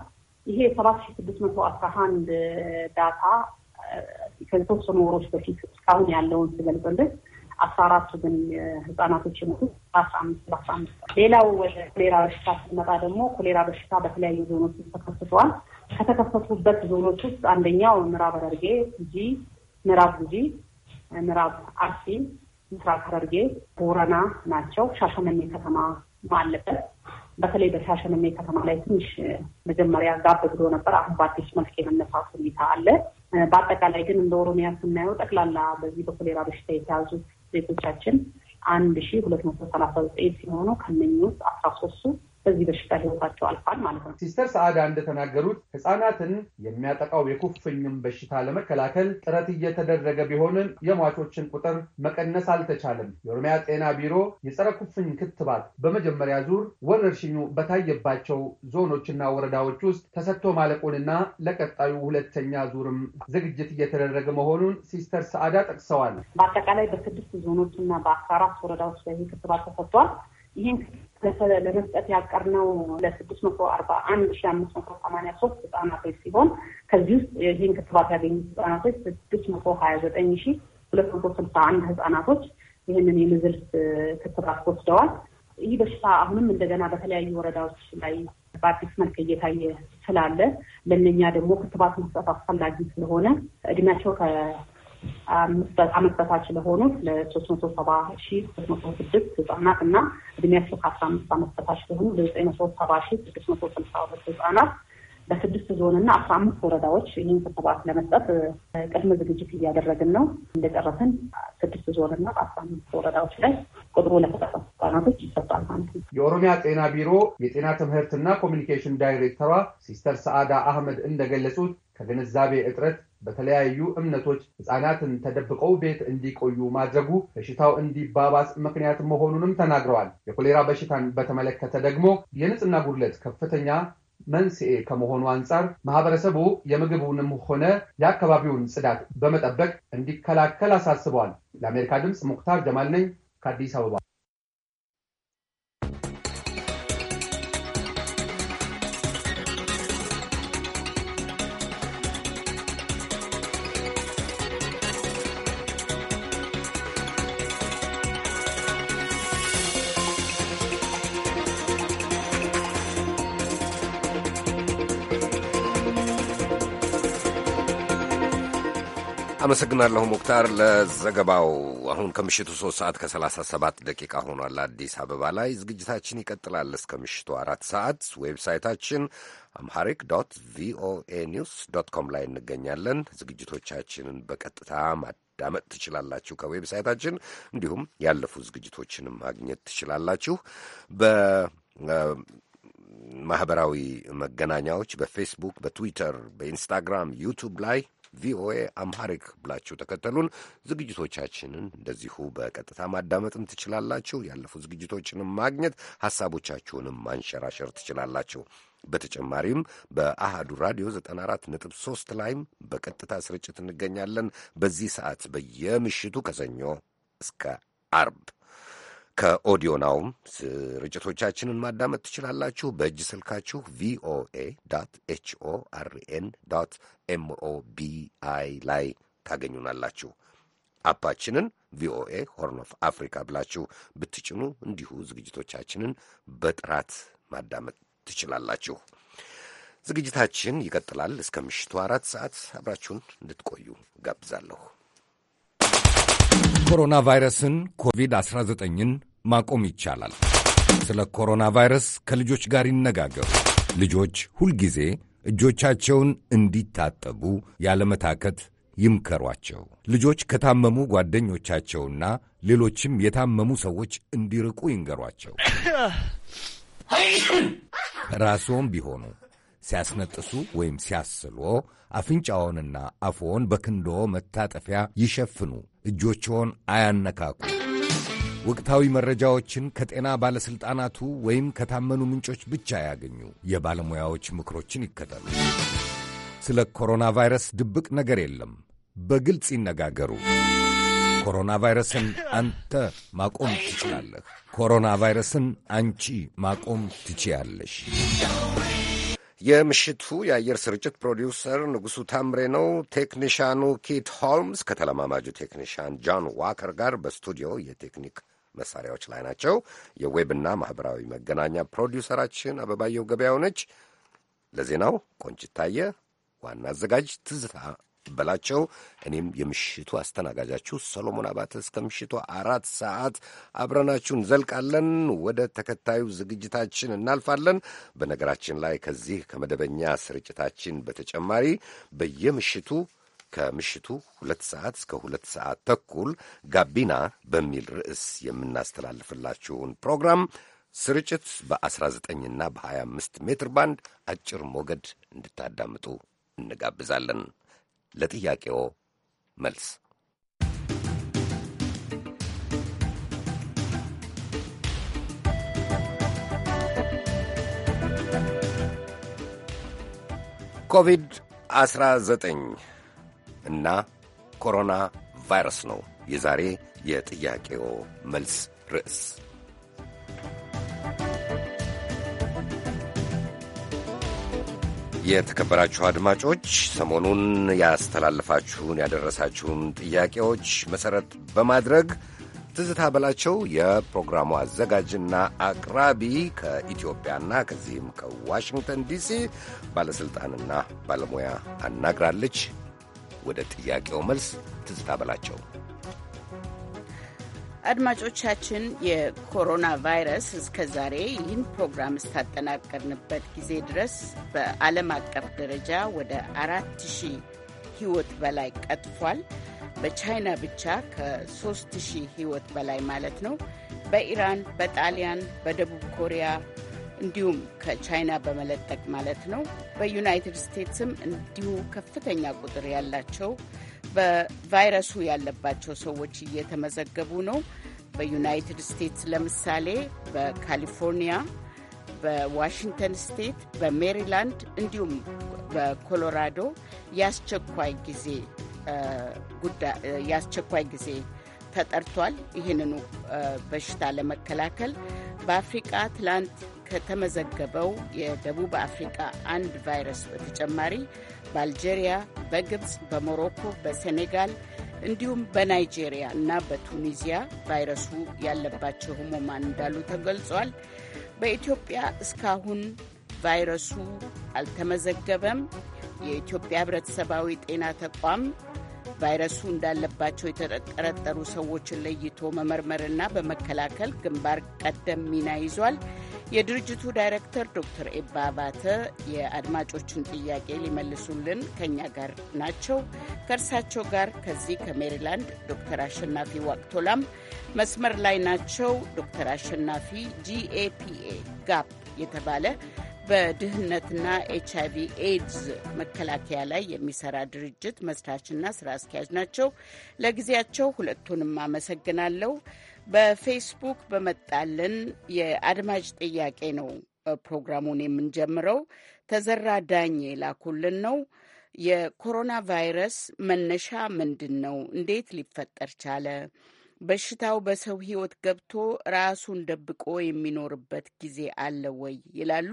Speaker 13: ይሄ ሰባት ሺ ስድስት መቶ አስራ አንድ ዳታ ከተወሰኑ ወሮች በፊት እስካሁን ያለውን ስገልጽልን አስራ አራቱ ግን ህጻናቶች የሞቱት አስራ አምስት በአስራ አምስት ሌላው ወደ ኮሌራ በሽታ ስትመጣ ደግሞ ኮሌራ በሽታ በተለያዩ ዞኖች ውስጥ ተከስተዋል። ከተከሰቱበት ዞኖች ውስጥ አንደኛው ምዕራብ ሐረርጌ፣ ጉጂ፣ ምዕራብ ጉጂ፣ ምዕራብ አርሲ፣ ምስራቅ ሐረርጌ፣ ቦረና ናቸው። ሻሸመኔ ከተማ አለበት። በተለይ በሻሸመኔ ከተማ ላይ ትንሽ መጀመሪያ ጋብ ብሎ ነበር። አሁን በአዲስ መልክ የመነሳት ሁኔታ አለ። በአጠቃላይ ግን እንደ ኦሮሚያ ስናየው ጠቅላላ በዚህ በኮሌራ በሽታ የተያዙት ቤቶቻችን አንድ ሺ ሁለት መቶ ሰላሳ ዘጠኝ ሲሆኑ ከነኚህ ውስጥ አስራ ሶስቱ በዚህ በሽታ ህይወታቸው አልፏል ማለት ነው። ሲስተር ሰዓዳ እንደተናገሩት ህጻናትን
Speaker 12: የሚያጠቃው የኩፍኝም በሽታ ለመከላከል ጥረት እየተደረገ ቢሆንም የሟቾችን ቁጥር መቀነስ አልተቻለም። የኦሮሚያ ጤና ቢሮ የጸረ ኩፍኝ ክትባት በመጀመሪያ ዙር ወረርሽኙ በታየባቸው ዞኖችና ወረዳዎች ውስጥ ተሰጥቶ ማለቁንና ለቀጣዩ ሁለተኛ ዙርም ዝግጅት እየተደረገ መሆኑን ሲስተር ሰዓዳ ጠቅሰዋል። በአጠቃላይ
Speaker 13: በስድስት ዞኖችና በአስራ አራት ወረዳዎች ላይ ክትባት ተሰጥቷል። ይህን ለመስጠት ያቀርነው ለስድስት መቶ አርባ አንድ ሺ አምስት መቶ ሰማኒያ ሶስት ህጻናቶች ሲሆን ከዚህ ውስጥ ይህን ክትባት ያገኙት ህጻናቶች ስድስት መቶ ሀያ ዘጠኝ ሺ ሁለት መቶ ስልሳ አንድ ህጻናቶች ይህንን የንዝርት ክትባት ወስደዋል። ይህ በሽታ አሁንም እንደገና በተለያዩ ወረዳዎች ላይ በአዲስ መልክ እየታየ ስላለ ለእነኛ ደግሞ ክትባት መስጠት አስፈላጊ ስለሆነ እድሜያቸው አመት በታች ለሆኑት ለሶስት መቶ ሰባ ሺ ሶስት መቶ ስድስት ህጻናት እና እድሜያቸው ከአስራ አምስት አመት በታች ለሆኑ ለዘጠኝ መቶ ሰባ ሺ ስድስት መቶ ስልሳ ሁለት ህጻናት በስድስት ዞን እና አስራ አምስት ወረዳዎች ይህን ክትባት ለመስጠት ቅድመ ዝግጅት እያደረግን ነው። እንደጨረስን ስድስት ዞን እና አስራ አምስት ወረዳዎች ላይ ቁጥሩ ለተጠቀሱ ህጻናቶች ይሰጣል ማለት ነው። የኦሮሚያ ጤና
Speaker 12: ቢሮ የጤና ትምህርትና ኮሚኒኬሽን ዳይሬክተሯ ሲስተር ሰአዳ አህመድ እንደገለጹት ከግንዛቤ እጥረት በተለያዩ እምነቶች ህፃናትን ተደብቀው ቤት እንዲቆዩ ማድረጉ በሽታው እንዲባባስ ምክንያት መሆኑንም ተናግረዋል። የኮሌራ በሽታን በተመለከተ ደግሞ የንጽህና ጉድለት ከፍተኛ መንስኤ ከመሆኑ አንጻር ማህበረሰቡ የምግቡንም ሆነ የአካባቢውን ጽዳት በመጠበቅ እንዲከላከል አሳስበዋል። ለአሜሪካ ድምፅ ሙክታር ጀማል ነኝ ከአዲስ አበባ።
Speaker 1: አመሰግናለሁ ሙክታር ለዘገባው። አሁን ከምሽቱ ሶስት ሰዓት ከሰላሳ ሰባት ደቂቃ ሆኗል አዲስ አበባ ላይ። ዝግጅታችን ይቀጥላል እስከ ምሽቱ አራት ሰዓት። ዌብሳይታችን አምሐሪክ ዶት ቪኦኤ ኒውስ ዶት ኮም ላይ እንገኛለን። ዝግጅቶቻችንን በቀጥታ ማዳመጥ ትችላላችሁ ከዌብሳይታችን። እንዲሁም ያለፉ ዝግጅቶችንም ማግኘት ትችላላችሁ በ ማህበራዊ መገናኛዎች በፌስቡክ፣ በትዊተር፣ በኢንስታግራም፣ ዩቱብ ላይ ቪኦኤ አምሃሪክ ብላችሁ ተከተሉን። ዝግጅቶቻችንን እንደዚሁ በቀጥታ ማዳመጥም ትችላላችሁ። ያለፉ ዝግጅቶችንም ማግኘት፣ ሐሳቦቻችሁንም ማንሸራሸር ትችላላችሁ። በተጨማሪም በአሃዱ ራዲዮ 94.3 ላይም በቀጥታ ስርጭት እንገኛለን። በዚህ ሰዓት በየምሽቱ ከሰኞ እስከ አርብ ከኦዲዮ ናውም ስርጭቶቻችንን ማዳመጥ ትችላላችሁ። በእጅ ስልካችሁ ቪኦኤ ኤችኦአርኤን ኤምኦቢአይ ላይ ታገኙናላችሁ። አፓችንን ቪኦኤ ሆርን ኦፍ አፍሪካ ብላችሁ ብትጭኑ እንዲሁ ዝግጅቶቻችንን በጥራት ማዳመጥ ትችላላችሁ። ዝግጅታችን ይቀጥላል እስከ ምሽቱ አራት ሰዓት አብራችሁን እንድትቆዩ ጋብዛለሁ። ኮሮና ቫይረስን ኮቪድ-19ን ማቆም ይቻላል። ስለ ኮሮና ቫይረስ ከልጆች ጋር ይነጋገሩ። ልጆች ሁልጊዜ እጆቻቸውን እንዲታጠቡ ያለመታከት ይምከሯቸው። ልጆች ከታመሙ ጓደኞቻቸውና ሌሎችም የታመሙ ሰዎች እንዲርቁ ይንገሯቸው። ራስዎም ቢሆኑ ሲያስነጥሱ ወይም ሲያስሎ አፍንጫዎንና አፎን በክንዶ መታጠፊያ ይሸፍኑ። እጆችዎን አያነካኩ። ወቅታዊ መረጃዎችን ከጤና ባለሥልጣናቱ ወይም ከታመኑ ምንጮች ብቻ ያገኙ። የባለሙያዎች ምክሮችን ይከተሉ። ስለ ኮሮና ቫይረስ ድብቅ ነገር የለም። በግልጽ ይነጋገሩ። ኮሮና ቫይረስን አንተ ማቆም ትችላለህ። ኮሮና ቫይረስን አንቺ ማቆም ትችያለሽ። የምሽቱ የአየር ስርጭት ፕሮዲውሰር ንጉሡ ታምሬ ነው። ቴክኒሻኑ ኪት ሆልምስ ከተለማማጁ ቴክኒሻን ጆን ዋከር ጋር በስቱዲዮ የቴክኒክ መሳሪያዎች ላይ ናቸው። የዌብና ማኅበራዊ መገናኛ ፕሮዲውሰራችን አበባየው ገበያው ነች። ለዜናው ቆንጭታየ፣ ዋና አዘጋጅ ትዝታ በላቸው። እኔም የምሽቱ አስተናጋጃችሁ ሰሎሞን አባተ እስከ ምሽቱ አራት ሰዓት አብረናችሁ እንዘልቃለን። ወደ ተከታዩ ዝግጅታችን እናልፋለን። በነገራችን ላይ ከዚህ ከመደበኛ ስርጭታችን በተጨማሪ በየምሽቱ ከምሽቱ ሁለት ሰዓት እስከ ሁለት ሰዓት ተኩል ጋቢና በሚል ርዕስ የምናስተላልፍላችሁን ፕሮግራም ስርጭት በ19ና በ25 ሜትር ባንድ አጭር ሞገድ እንድታዳምጡ እንጋብዛለን። ለጥያቄዎ መልስ ኮቪድ-19 እና ኮሮና ቫይረስ ነው የዛሬ የጥያቄዎ መልስ ርዕስ። የተከበራችሁ አድማጮች ሰሞኑን ያስተላለፋችሁን ያደረሳችሁን ጥያቄዎች መሠረት በማድረግ ትዝታ በላቸው የፕሮግራሙ አዘጋጅና አቅራቢ ከኢትዮጵያና ከዚህም ከዋሽንግተን ዲሲ ባለሥልጣንና ባለሙያ አናግራለች። ወደ ጥያቄው መልስ ትዝታ በላቸው
Speaker 14: አድማጮቻችን የኮሮና ቫይረስ እስከ ዛሬ ይህን ፕሮግራም እስታጠናቀርንበት ጊዜ ድረስ በዓለም አቀፍ ደረጃ ወደ አራት ሺህ በላይ ቀጥፏል። በቻይና ብቻ ከሶስት ሺህ ህይወት በላይ ማለት ነው። በኢራን፣ በጣሊያን፣ በደቡብ ኮሪያ እንዲሁም ከቻይና በመለጠቅ ማለት ነው። በዩናይትድ ስቴትስም እንዲሁ ከፍተኛ ቁጥር ያላቸው በቫይረሱ ያለባቸው ሰዎች እየተመዘገቡ ነው። በዩናይትድ ስቴትስ ለምሳሌ በካሊፎርኒያ፣ በዋሽንግተን ስቴት፣ በሜሪላንድ እንዲሁም በኮሎራዶ የአስቸኳይ ጊዜ ጉዳይ የአስቸኳይ ጊዜ ተጠርቷል። ይህንኑ በሽታ ለመከላከል በአፍሪቃ ትላንት ከተመዘገበው የደቡብ አፍሪካ አንድ ቫይረስ በተጨማሪ በአልጄሪያ፣ በግብፅ፣ በሞሮኮ፣ በሴኔጋል እንዲሁም በናይጄሪያ እና በቱኒዚያ ቫይረሱ ያለባቸው ህሙማን እንዳሉ ተገልጿል። በኢትዮጵያ እስካሁን ቫይረሱ አልተመዘገበም። የኢትዮጵያ ህብረተሰባዊ ጤና ተቋም ቫይረሱ እንዳለባቸው የተጠረጠሩ ሰዎችን ለይቶ መመርመርና በመከላከል ግንባር ቀደም ሚና ይዟል። የድርጅቱ ዳይሬክተር ዶክተር ኤባ አባተ የአድማጮችን ጥያቄ ሊመልሱልን ከእኛ ጋር ናቸው። ከእርሳቸው ጋር ከዚህ ከሜሪላንድ ዶክተር አሸናፊ ዋቅቶላም መስመር ላይ ናቸው። ዶክተር አሸናፊ ጂኤፒኤ ጋፕ የተባለ በድህነትና ኤች አይቪ ኤድስ መከላከያ ላይ የሚሰራ ድርጅት መስራችና ስራ አስኪያጅ ናቸው። ለጊዜያቸው ሁለቱንም አመሰግናለሁ። በፌስቡክ በመጣልን የአድማጭ ጥያቄ ነው ፕሮግራሙን የምንጀምረው። ተዘራ ዳኝ የላኩልን ነው። የኮሮና ቫይረስ መነሻ ምንድን ነው? እንዴት ሊፈጠር ቻለ? በሽታው በሰው ሕይወት ገብቶ ራሱን ደብቆ የሚኖርበት ጊዜ አለ ወይ? ይላሉ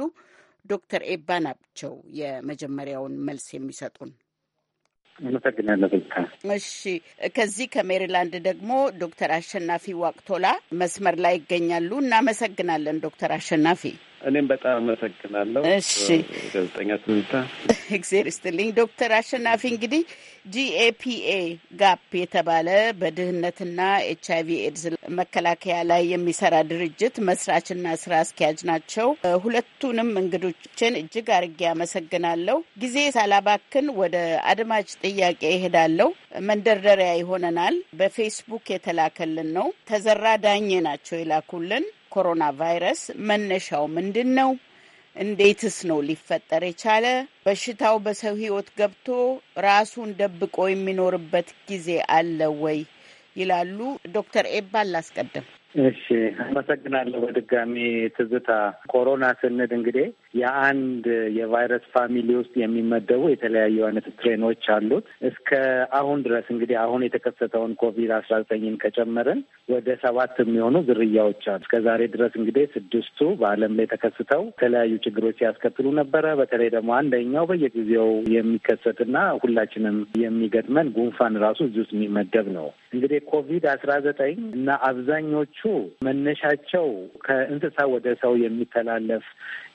Speaker 14: ዶክተር ኤባ ናቸው የመጀመሪያውን መልስ የሚሰጡን። እሺ፣ ከዚህ ከሜሪላንድ ደግሞ ዶክተር አሸናፊ ዋቅቶላ መስመር ላይ ይገኛሉ። እናመሰግናለን ዶክተር አሸናፊ።
Speaker 15: እኔም በጣም አመሰግናለሁ። እሺ ጋዜጠኛ ትንታ
Speaker 14: እግዜር ይስጥልኝ። ዶክተር አሸናፊ እንግዲህ ጂኤፒኤ ጋፕ የተባለ በድህነትና ኤች አይቪ ኤድስ መከላከያ ላይ የሚሰራ ድርጅት መስራችና ስራ አስኪያጅ ናቸው። ሁለቱንም እንግዶችን እጅግ አርጌ አመሰግናለሁ። ጊዜ ሳላባክን ወደ አድማጭ ጥያቄ ይሄዳለሁ። መንደርደሪያ ይሆነናል። በፌስቡክ የተላከልን ነው። ተዘራ ዳኜ ናቸው የላኩልን ኮሮና ቫይረስ መነሻው ምንድን ነው? እንዴትስ ነው ሊፈጠር የቻለ? በሽታው በሰው ህይወት ገብቶ ራሱን ደብቆ የሚኖርበት ጊዜ አለ ወይ ይላሉ ዶክተር
Speaker 5: ኤባ ላስቀድም። እሺ አመሰግናለሁ። በድጋሚ ትዝታ ኮሮና ስንል እንግዲህ የአንድ የቫይረስ ፋሚሊ ውስጥ የሚመደቡ የተለያዩ አይነት ስትሬኖች አሉት። እስከ አሁን ድረስ እንግዲህ አሁን የተከሰተውን ኮቪድ አስራ ዘጠኝን ከጨመርን ወደ ሰባት የሚሆኑ ዝርያዎች አሉ። እስከ ዛሬ ድረስ እንግዲህ ስድስቱ በዓለም ላይ ተከስተው የተለያዩ ችግሮች ሲያስከትሉ ነበረ። በተለይ ደግሞ አንደኛው በየጊዜው የሚከሰትና ሁላችንም የሚገጥመን ጉንፋን ራሱ እዚህ ውስጥ የሚመደብ ነው። እንግዲህ ኮቪድ አስራ ዘጠኝ እና አብዛኞቹ መነሻቸው ከእንስሳ ወደ ሰው የሚተላለፍ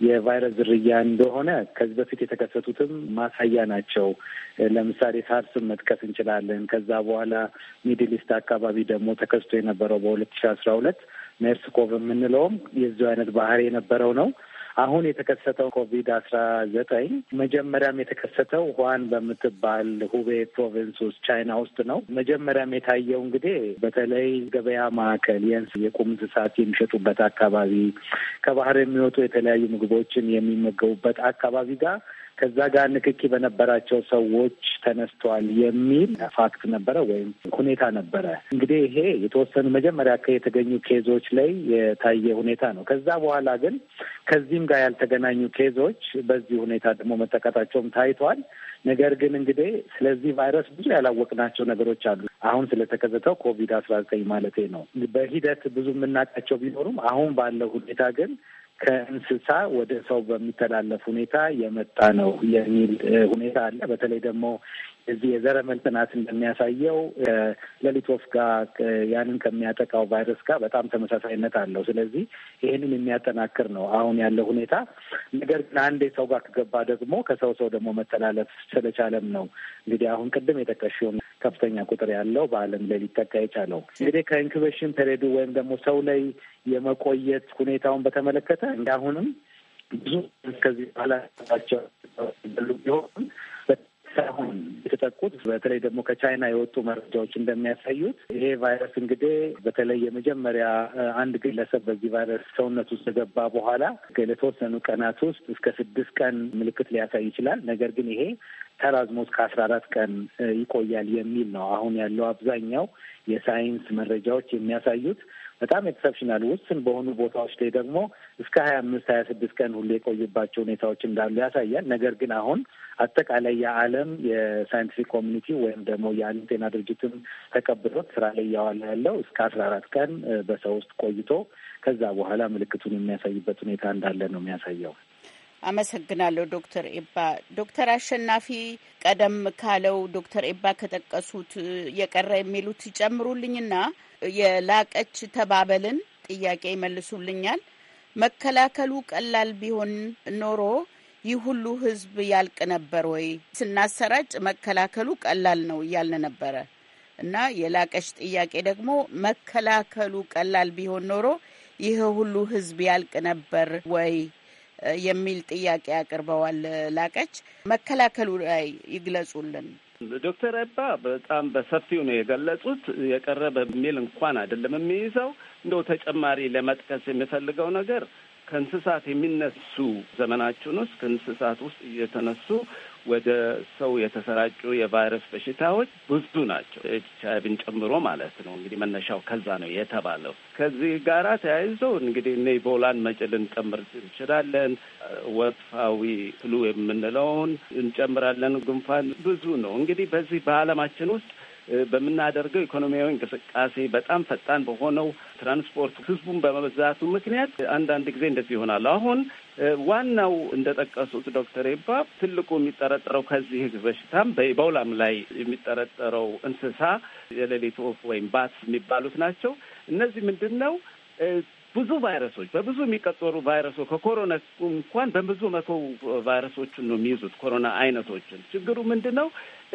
Speaker 5: የቫይረስ ዝርያ እንደሆነ ከዚህ በፊት የተከሰቱትም ማሳያ ናቸው። ለምሳሌ ሳርስን መጥቀስ እንችላለን። ከዛ በኋላ ሚድል ኢስት አካባቢ ደግሞ ተከስቶ የነበረው በሁለት ሺ አስራ ሁለት ሜርስኮቭ የምንለውም የዚሁ አይነት ባህሪ የነበረው ነው። አሁን የተከሰተው ኮቪድ አስራ ዘጠኝ መጀመሪያም የተከሰተው ሁዋን በምትባል ሁቤ ፕሮቪንስ ውስጥ ቻይና ውስጥ ነው። መጀመሪያም የታየው እንግዲህ በተለይ ገበያ ማዕከል የንስ የቁም እንስሳት የሚሸጡበት አካባቢ፣ ከባህር የሚወጡ የተለያዩ ምግቦችን የሚመገቡበት አካባቢ ጋር ከዛ ጋር ንክኪ በነበራቸው ሰዎች ተነስተዋል የሚል ፋክት ነበረ ወይም ሁኔታ ነበረ። እንግዲህ ይሄ የተወሰኑ መጀመሪያ የተገኙ ኬዞች ላይ የታየ ሁኔታ ነው። ከዛ በኋላ ግን ከዚህም ጋር ያልተገናኙ ኬዞች በዚህ ሁኔታ ደግሞ መጠቃታቸውም ታይቷል። ነገር ግን እንግዲህ ስለዚህ ቫይረስ ብዙ ያላወቅናቸው ነገሮች አሉ። አሁን ስለተከሰተው ኮቪድ አስራ ዘጠኝ ማለት ነው። በሂደት ብዙ የምናውቃቸው ቢኖሩም አሁን ባለው ሁኔታ ግን ከእንስሳ ወደ ሰው በሚተላለፍ ሁኔታ የመጣ ነው የሚል ሁኔታ አለ። በተለይ ደግሞ እዚህ የዘረመል ጥናት እንደሚያሳየው ሌሊት ወፍ ጋር ያንን ከሚያጠቃው ቫይረስ ጋር በጣም ተመሳሳይነት አለው። ስለዚህ ይህንን የሚያጠናክር ነው አሁን ያለው ሁኔታ። ነገር ግን አንዴ ሰው ጋር ከገባ ደግሞ ከሰው ሰው ደግሞ መተላለፍ ስለቻለም ነው እንግዲህ አሁን ቅድም የጠቀሽውን ከፍተኛ ቁጥር ያለው በዓለም ላይ ሊጠቃ የቻለው እንግዲህ ከኢንኩቤሽን ፔሬዱ ወይም ደግሞ ሰው ላይ የመቆየት ሁኔታውን በተመለከተ እንደ አሁንም ብዙ ከዚህ በኋላ ቢሆን አሁን የተጠቁት በተለይ ደግሞ ከቻይና የወጡ መረጃዎች እንደሚያሳዩት ይሄ ቫይረስ እንግዲህ በተለይ የመጀመሪያ አንድ ግለሰብ በዚህ ቫይረስ ሰውነት ውስጥ ከገባ በኋላ ለተወሰኑ ቀናት ውስጥ እስከ ስድስት ቀን ምልክት ሊያሳይ ይችላል። ነገር ግን ይሄ ተራዝሞ እስከ አስራ አራት ቀን ይቆያል የሚል ነው አሁን ያለው አብዛኛው የሳይንስ መረጃዎች የሚያሳዩት። በጣም ኤክሰፕሽናል ውስን በሆኑ ቦታዎች ላይ ደግሞ እስከ ሀያ አምስት ሀያ ስድስት ቀን ሁሉ የቆዩባቸው ሁኔታዎች እንዳሉ ያሳያል። ነገር ግን አሁን አጠቃላይ የዓለም የሳይንቲፊክ ኮሚኒቲ ወይም ደግሞ የዓለም ጤና ድርጅትም ተቀብሎት ስራ ላይ እያዋለ ያለው እስከ አስራ አራት ቀን በሰው ውስጥ ቆይቶ ከዛ በኋላ ምልክቱን የሚያሳይበት ሁኔታ እንዳለ ነው የሚያሳየው።
Speaker 14: አመሰግናለሁ ዶክተር ኤባ። ዶክተር አሸናፊ ቀደም ካለው ዶክተር ኤባ ከጠቀሱት የቀረ የሚሉት ይጨምሩልኝና የላቀች ተባበልን ጥያቄ ይመልሱልኛል። መከላከሉ ቀላል ቢሆን ኖሮ ይህ ሁሉ ህዝብ ያልቅ ነበር ወይ? ስናሰራጭ መከላከሉ ቀላል ነው እያልን ነበረ እና የላቀች ጥያቄ ደግሞ መከላከሉ ቀላል ቢሆን ኖሮ ይህ ሁሉ ህዝብ ያልቅ ነበር ወይ የሚል ጥያቄ አቅርበዋል። ላቀች መከላከሉ ላይ ይግለጹልን።
Speaker 15: ዶክተር አባ በጣም በሰፊው ነው የገለጹት። የቀረበ ሚል እንኳን አይደለም የሚይዘው እንደው ተጨማሪ ለመጥቀስ የሚፈልገው ነገር ከእንስሳት የሚነሱ ዘመናችን ውስጥ ከእንስሳት ውስጥ እየተነሱ ወደ ሰው የተሰራጩ የቫይረስ በሽታዎች ብዙ ናቸው፣ ኤች ጨምሮ ማለት ነው። እንግዲህ መነሻው ከዛ ነው የተባለው። ከዚህ ጋራ ተያይዞ እንግዲህ እነ ኢቦላን መጭ ልንጨምር እንችላለን። ወፋዊ ፍሉ የምንለውን እንጨምራለን። ጉንፋን ብዙ ነው። እንግዲህ በዚህ በዓለማችን ውስጥ በምናደርገው ኢኮኖሚያዊ እንቅስቃሴ በጣም ፈጣን በሆነው ትራንስፖርት ህዝቡን በመብዛቱ ምክንያት አንዳንድ ጊዜ እንደዚህ ይሆናል። አሁን ዋናው እንደጠቀሱት ዶክተር ኤባ ትልቁ የሚጠረጠረው ከዚህ በሽታም በኢቦላም ላይ የሚጠረጠረው እንስሳ የሌሊት ወፍ ወይም ባት የሚባሉት ናቸው። እነዚህ ምንድን ነው ብዙ ቫይረሶች በብዙ የሚቀጠሩ ቫይረሶች ከኮሮና እንኳን በብዙ መቶ ቫይረሶችን ነው የሚይዙት ኮሮና አይነቶችን። ችግሩ ምንድን ነው?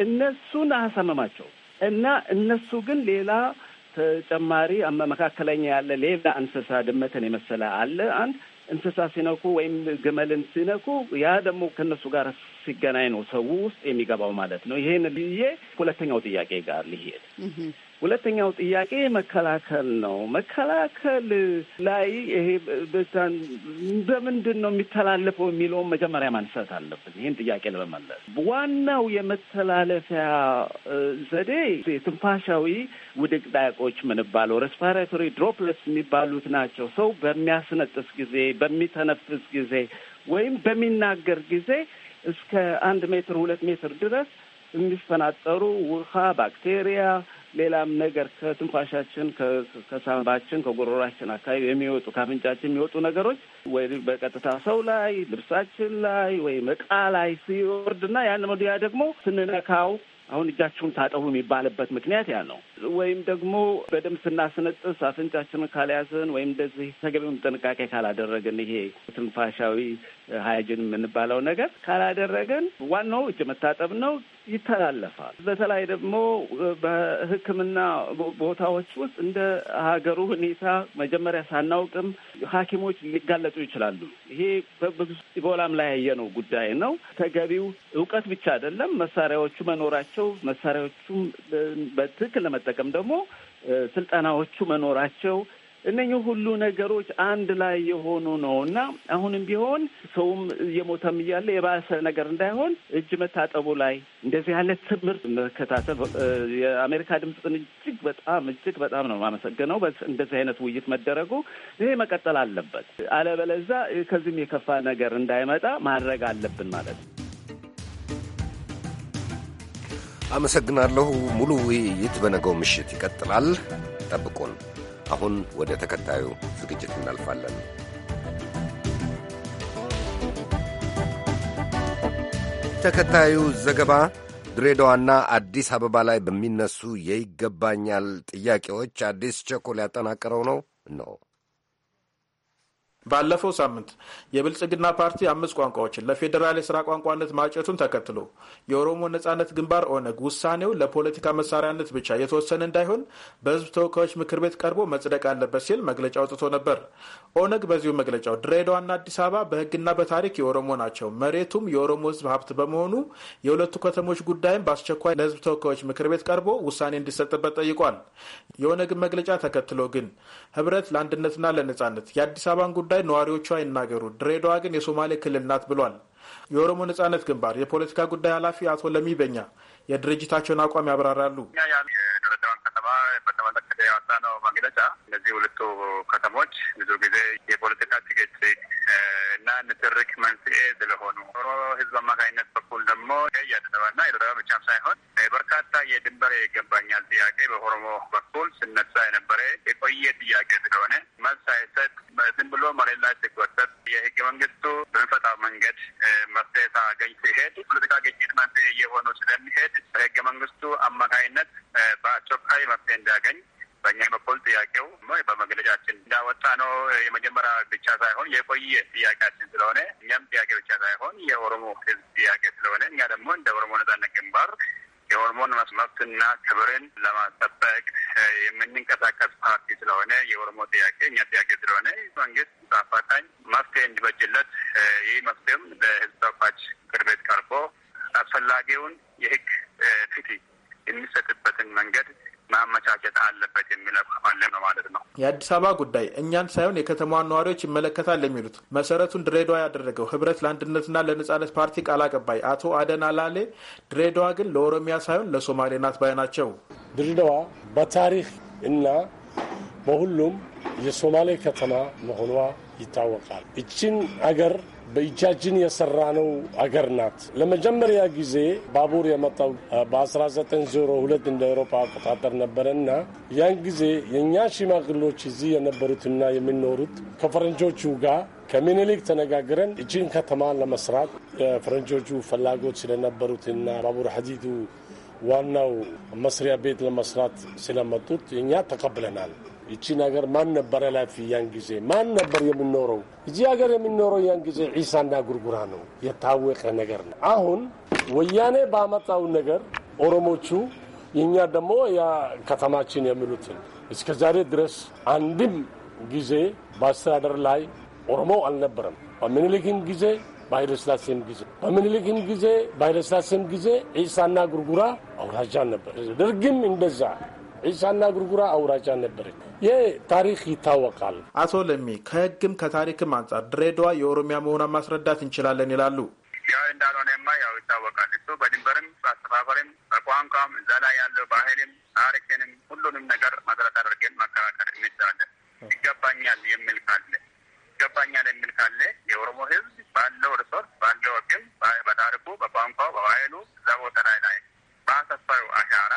Speaker 15: እነሱን አያሳመማቸው እና እነሱ ግን ሌላ ተጨማሪ መካከለኛ ያለ ሌላ እንስሳ ድመትን የመሰለ አለ። አንድ እንስሳ ሲነኩ ወይም ግመልን ሲነኩ ያ ደግሞ ከእነሱ ጋር ሲገናኝ ነው ሰው ውስጥ የሚገባው ማለት ነው። ይሄን ብዬ ሁለተኛው ጥያቄ ጋር ሊሄድ ሁለተኛው ጥያቄ መከላከል ነው። መከላከል ላይ ይሄ በምንድን ነው የሚተላለፈው የሚለውን መጀመሪያ ማንሳት አለብን። ይህን ጥያቄ ለመመለስ ዋናው የመተላለፊያ ዘዴ የትንፋሻዊ ውድቅዳቆች ምንባለው ሬስፓራቶሪ ድሮፕለስ የሚባሉት ናቸው። ሰው በሚያስነጥስ ጊዜ፣ በሚተነፍስ ጊዜ ወይም በሚናገር ጊዜ እስከ አንድ ሜትር ሁለት ሜትር ድረስ የሚፈናጠሩ ውሃ ባክቴሪያ ሌላም ነገር ከትንፋሻችን፣ ከሳንባችን፣ ከጉሮሯችን አካባቢ የሚወጡ ከአፍንጫችን የሚወጡ ነገሮች ወይ በቀጥታ ሰው ላይ ልብሳችን ላይ ወይም እቃ ላይ ሲወርድና ያን መዱያ ደግሞ ስንነካው አሁን እጃችሁን ታጠቡ የሚባልበት ምክንያት ያ ነው። ወይም ደግሞ በደንብ ስናስነጥስ አፍንጫችንን ካልያዝን ወይም እንደዚህ ተገቢውን ጥንቃቄ ካላደረግን ይሄ ትንፋሻዊ ሀያጅን የምንባለው ነገር ካላደረግን ዋናው እጅ መታጠብ ነው፣ ይተላለፋል። በተለይ ደግሞ በሕክምና ቦታዎች ውስጥ እንደ ሀገሩ ሁኔታ መጀመሪያ ሳናውቅም ሐኪሞች ሊጋለጡ ይችላሉ። ይሄ በብዙ ኢቦላም ላይ ያየነው ጉዳይ ነው። ተገቢው እውቀት ብቻ አይደለም መሳሪያዎቹ መኖራቸው መሳሪያዎቹም በትክክል ለመጠቀም ለመጠቀም ደግሞ ስልጠናዎቹ መኖራቸው እነኚህ ሁሉ ነገሮች አንድ ላይ የሆኑ ነው እና አሁንም ቢሆን ሰውም እየሞተም እያለ የባሰ ነገር እንዳይሆን እጅ መታጠቡ ላይ እንደዚህ ያለ ትምህርት መከታተል የአሜሪካ ድምፅን እጅግ በጣም እጅግ በጣም ነው የማመሰግነው። እንደዚህ አይነት ውይይት መደረጉ ይሄ መቀጠል አለበት። አለበለዛ ከዚህም የከፋ ነገር እንዳይመጣ ማድረግ አለብን ማለት ነው።
Speaker 1: አመሰግናለሁ። ሙሉ ውይይት በነገው ምሽት ይቀጥላል። ጠብቁን። አሁን ወደ ተከታዩ ዝግጅት እናልፋለን። ተከታዩ ዘገባ ድሬዳዋና አዲስ አበባ ላይ በሚነሱ የይገባኛል ጥያቄዎች አዲስ ቸኮል ያጠናቀረው ነው
Speaker 16: ነው ባለፈው ሳምንት የብልጽግና ፓርቲ አምስት ቋንቋዎችን ለፌዴራል የስራ ቋንቋነት ማጨቱን ተከትሎ የኦሮሞ ነጻነት ግንባር ኦነግ ውሳኔው ለፖለቲካ መሳሪያነት ብቻ የተወሰነ እንዳይሆን በህዝብ ተወካዮች ምክር ቤት ቀርቦ መጽደቅ አለበት ሲል መግለጫ አውጥቶ ነበር። ኦነግ በዚሁ መግለጫው ድሬዳዋና አዲስ አበባ በህግና በታሪክ የኦሮሞ ናቸው፣ መሬቱም የኦሮሞ ህዝብ ሀብት በመሆኑ የሁለቱ ከተሞች ጉዳይም በአስቸኳይ ለህዝብ ተወካዮች ምክር ቤት ቀርቦ ውሳኔ እንዲሰጥበት ጠይቋል። የኦነግን መግለጫ ተከትሎ ግን ህብረት ለአንድነትና ለነጻነት የአዲስ አበባን ጉዳይ ጉዳይ ነዋሪዎቿ ይናገሩ፣ ድሬዳዋ ግን የሶማሌ ክልል ናት ብሏል። የኦሮሞ ነጻነት ግንባር የፖለቲካ ጉዳይ ኃላፊ አቶ ለሚ በኛ የድርጅታቸውን አቋም ያብራራሉ። የድሬዳዋን ከተማ
Speaker 17: በተመለከተ ያወጣነው መግለጫ እነዚህ ሁለቱ ከተሞች ብዙ ጊዜ የፖለቲካ ጭቅጭቅ እና ንትርክ መንስኤ ስለሆኑ ኦሮ ህዝብ አማካኝነት በኩል ደግሞ እያደረበ እያደረባና የደረበ ብቻም ሳይሆን በርካታ የድንበር ይገባኛል ጥያቄ በኦሮሞ በኩል ስነሳ የነበረ የቆየ ጥያቄ ስለሆነ መልስ ሳይሰጥ ዝም ብሎ መሬት ላይ ሲጎተት የህገ መንግስቱ በሚፈታው መንገድ መፍትሄ ሳያገኝ ሲሄድ ፖለቲካ ግጭት መንስኤ እየሆኑ ስለሚሄድ በህገ መንግስቱ አማካኝነት በአስቸኳይ መፍትሄ እንዲያገኝ በእኛ በኩል ጥያቄው በመግለጫችን እንዳወጣ ነው የመጀመሪያ ብቻ ሳይሆን የቆየ ጥያቄያችን ስለሆነ እኛም ጥያቄ ብቻ ሳይሆን የኦሮሞ ሕዝብ ጥያቄ ስለሆነ እኛ ደግሞ እንደ ኦሮሞ ነጻነት ግንባር የኦሮሞን መስመርትና ክብርን ለማስጠበቅ የምንንቀሳቀስ ፓርቲ ስለሆነ የኦሮሞ ጥያቄ እኛ ጥያቄ ስለሆነ መንግስት በአፋጣኝ መፍትሄ እንዲበጅለት ይህ መፍትሄም በህዝብ ተወካዮች ምክር ቤት ቀርቦ አስፈላጊውን የህግ ፍትህ የሚሰጥበትን መንገድ ማመቻቸት አለበት የሚል አቋም ነው ማለት ነው።
Speaker 16: የአዲስ አበባ ጉዳይ እኛን ሳይሆን የከተማዋን ነዋሪዎች ይመለከታል የሚሉት መሰረቱን ድሬዳዋ ያደረገው ህብረት ለአንድነትና ለነጻነት ፓርቲ ቃል አቀባይ አቶ አደን አላሌ ድሬዳዋ ግን ለኦሮሚያ
Speaker 18: ሳይሆን ለሶማሌ ናት ባይ ናቸው። ድሬዳዋ በታሪክ እና በሁሉም የሶማሌ ከተማ መሆኗ ይታወቃል። እችን አገር በእጃችን የሰራነው አገር ናት። ለመጀመሪያ ጊዜ ባቡር የመጣው በ1902 እንደ አውሮፓ አቆጣጠር ነበረና ያን ጊዜ የእኛ ሽማግሎች እዚህ የነበሩትና የሚኖሩት ከፈረንጆቹ ጋር ከሚኒሊክ ተነጋግረን እችን ከተማ ለመስራት የፈረንጆቹ ፍላጎት ስለነበሩትና ባቡር ሀዲዱ ዋናው መስሪያ ቤት ለመስራት ስለመጡት እኛ ተቀብለናል። ይቺን ሀገር ማን ነበር ኃላፊ? ያን ጊዜ ማን ነበር የምኖረው? እዚህ ሀገር የምኖረው ያን ጊዜ ዒሳና ጉርጉራ ነው፣ የታወቀ ነገር ነው። አሁን ወያኔ ባመጣው ነገር ኦሮሞቹ የእኛ ደግሞ ያ ከተማችን የሚሉትን እስከ ዛሬ ድረስ አንድም ጊዜ በአስተዳደር ላይ ኦሮሞ አልነበረም። በምኒልክም ጊዜ በኃይለሥላሴም ጊዜ በምኒልክም ጊዜ በኃይለሥላሴም ጊዜ ዒሳና ጉርጉራ አውራጃ ነበር። ደርግም እንደዛ ዒሳና ጉርጉራ አውራጃ ነበረች። ይህ
Speaker 16: ታሪክ ይታወቃል። አቶ ለሚ ከህግም ከታሪክም አንጻር ድሬዳዋ የኦሮሚያ መሆኗን ማስረዳት እንችላለን ይላሉ። ያው እንዳልሆነማ ያው ይታወቃል።
Speaker 17: እሱ በድንበርም በአስተፋፈርም በቋንቋም እዛ ላይ ያለው ባህልም ታሪክንም ሁሉንም ነገር መሰረት አድርገን መከራከር እንችላለን። ይገባኛል የሚል ካለ ይገባኛል የሚል ካለ የኦሮሞ ህዝብ ባለው ሪሶርስ ባለው ህግም በታሪኩ በቋንቋው በባህሉ እዛ ቦታ ላይ ላይ በአሰፋዩ አሻራ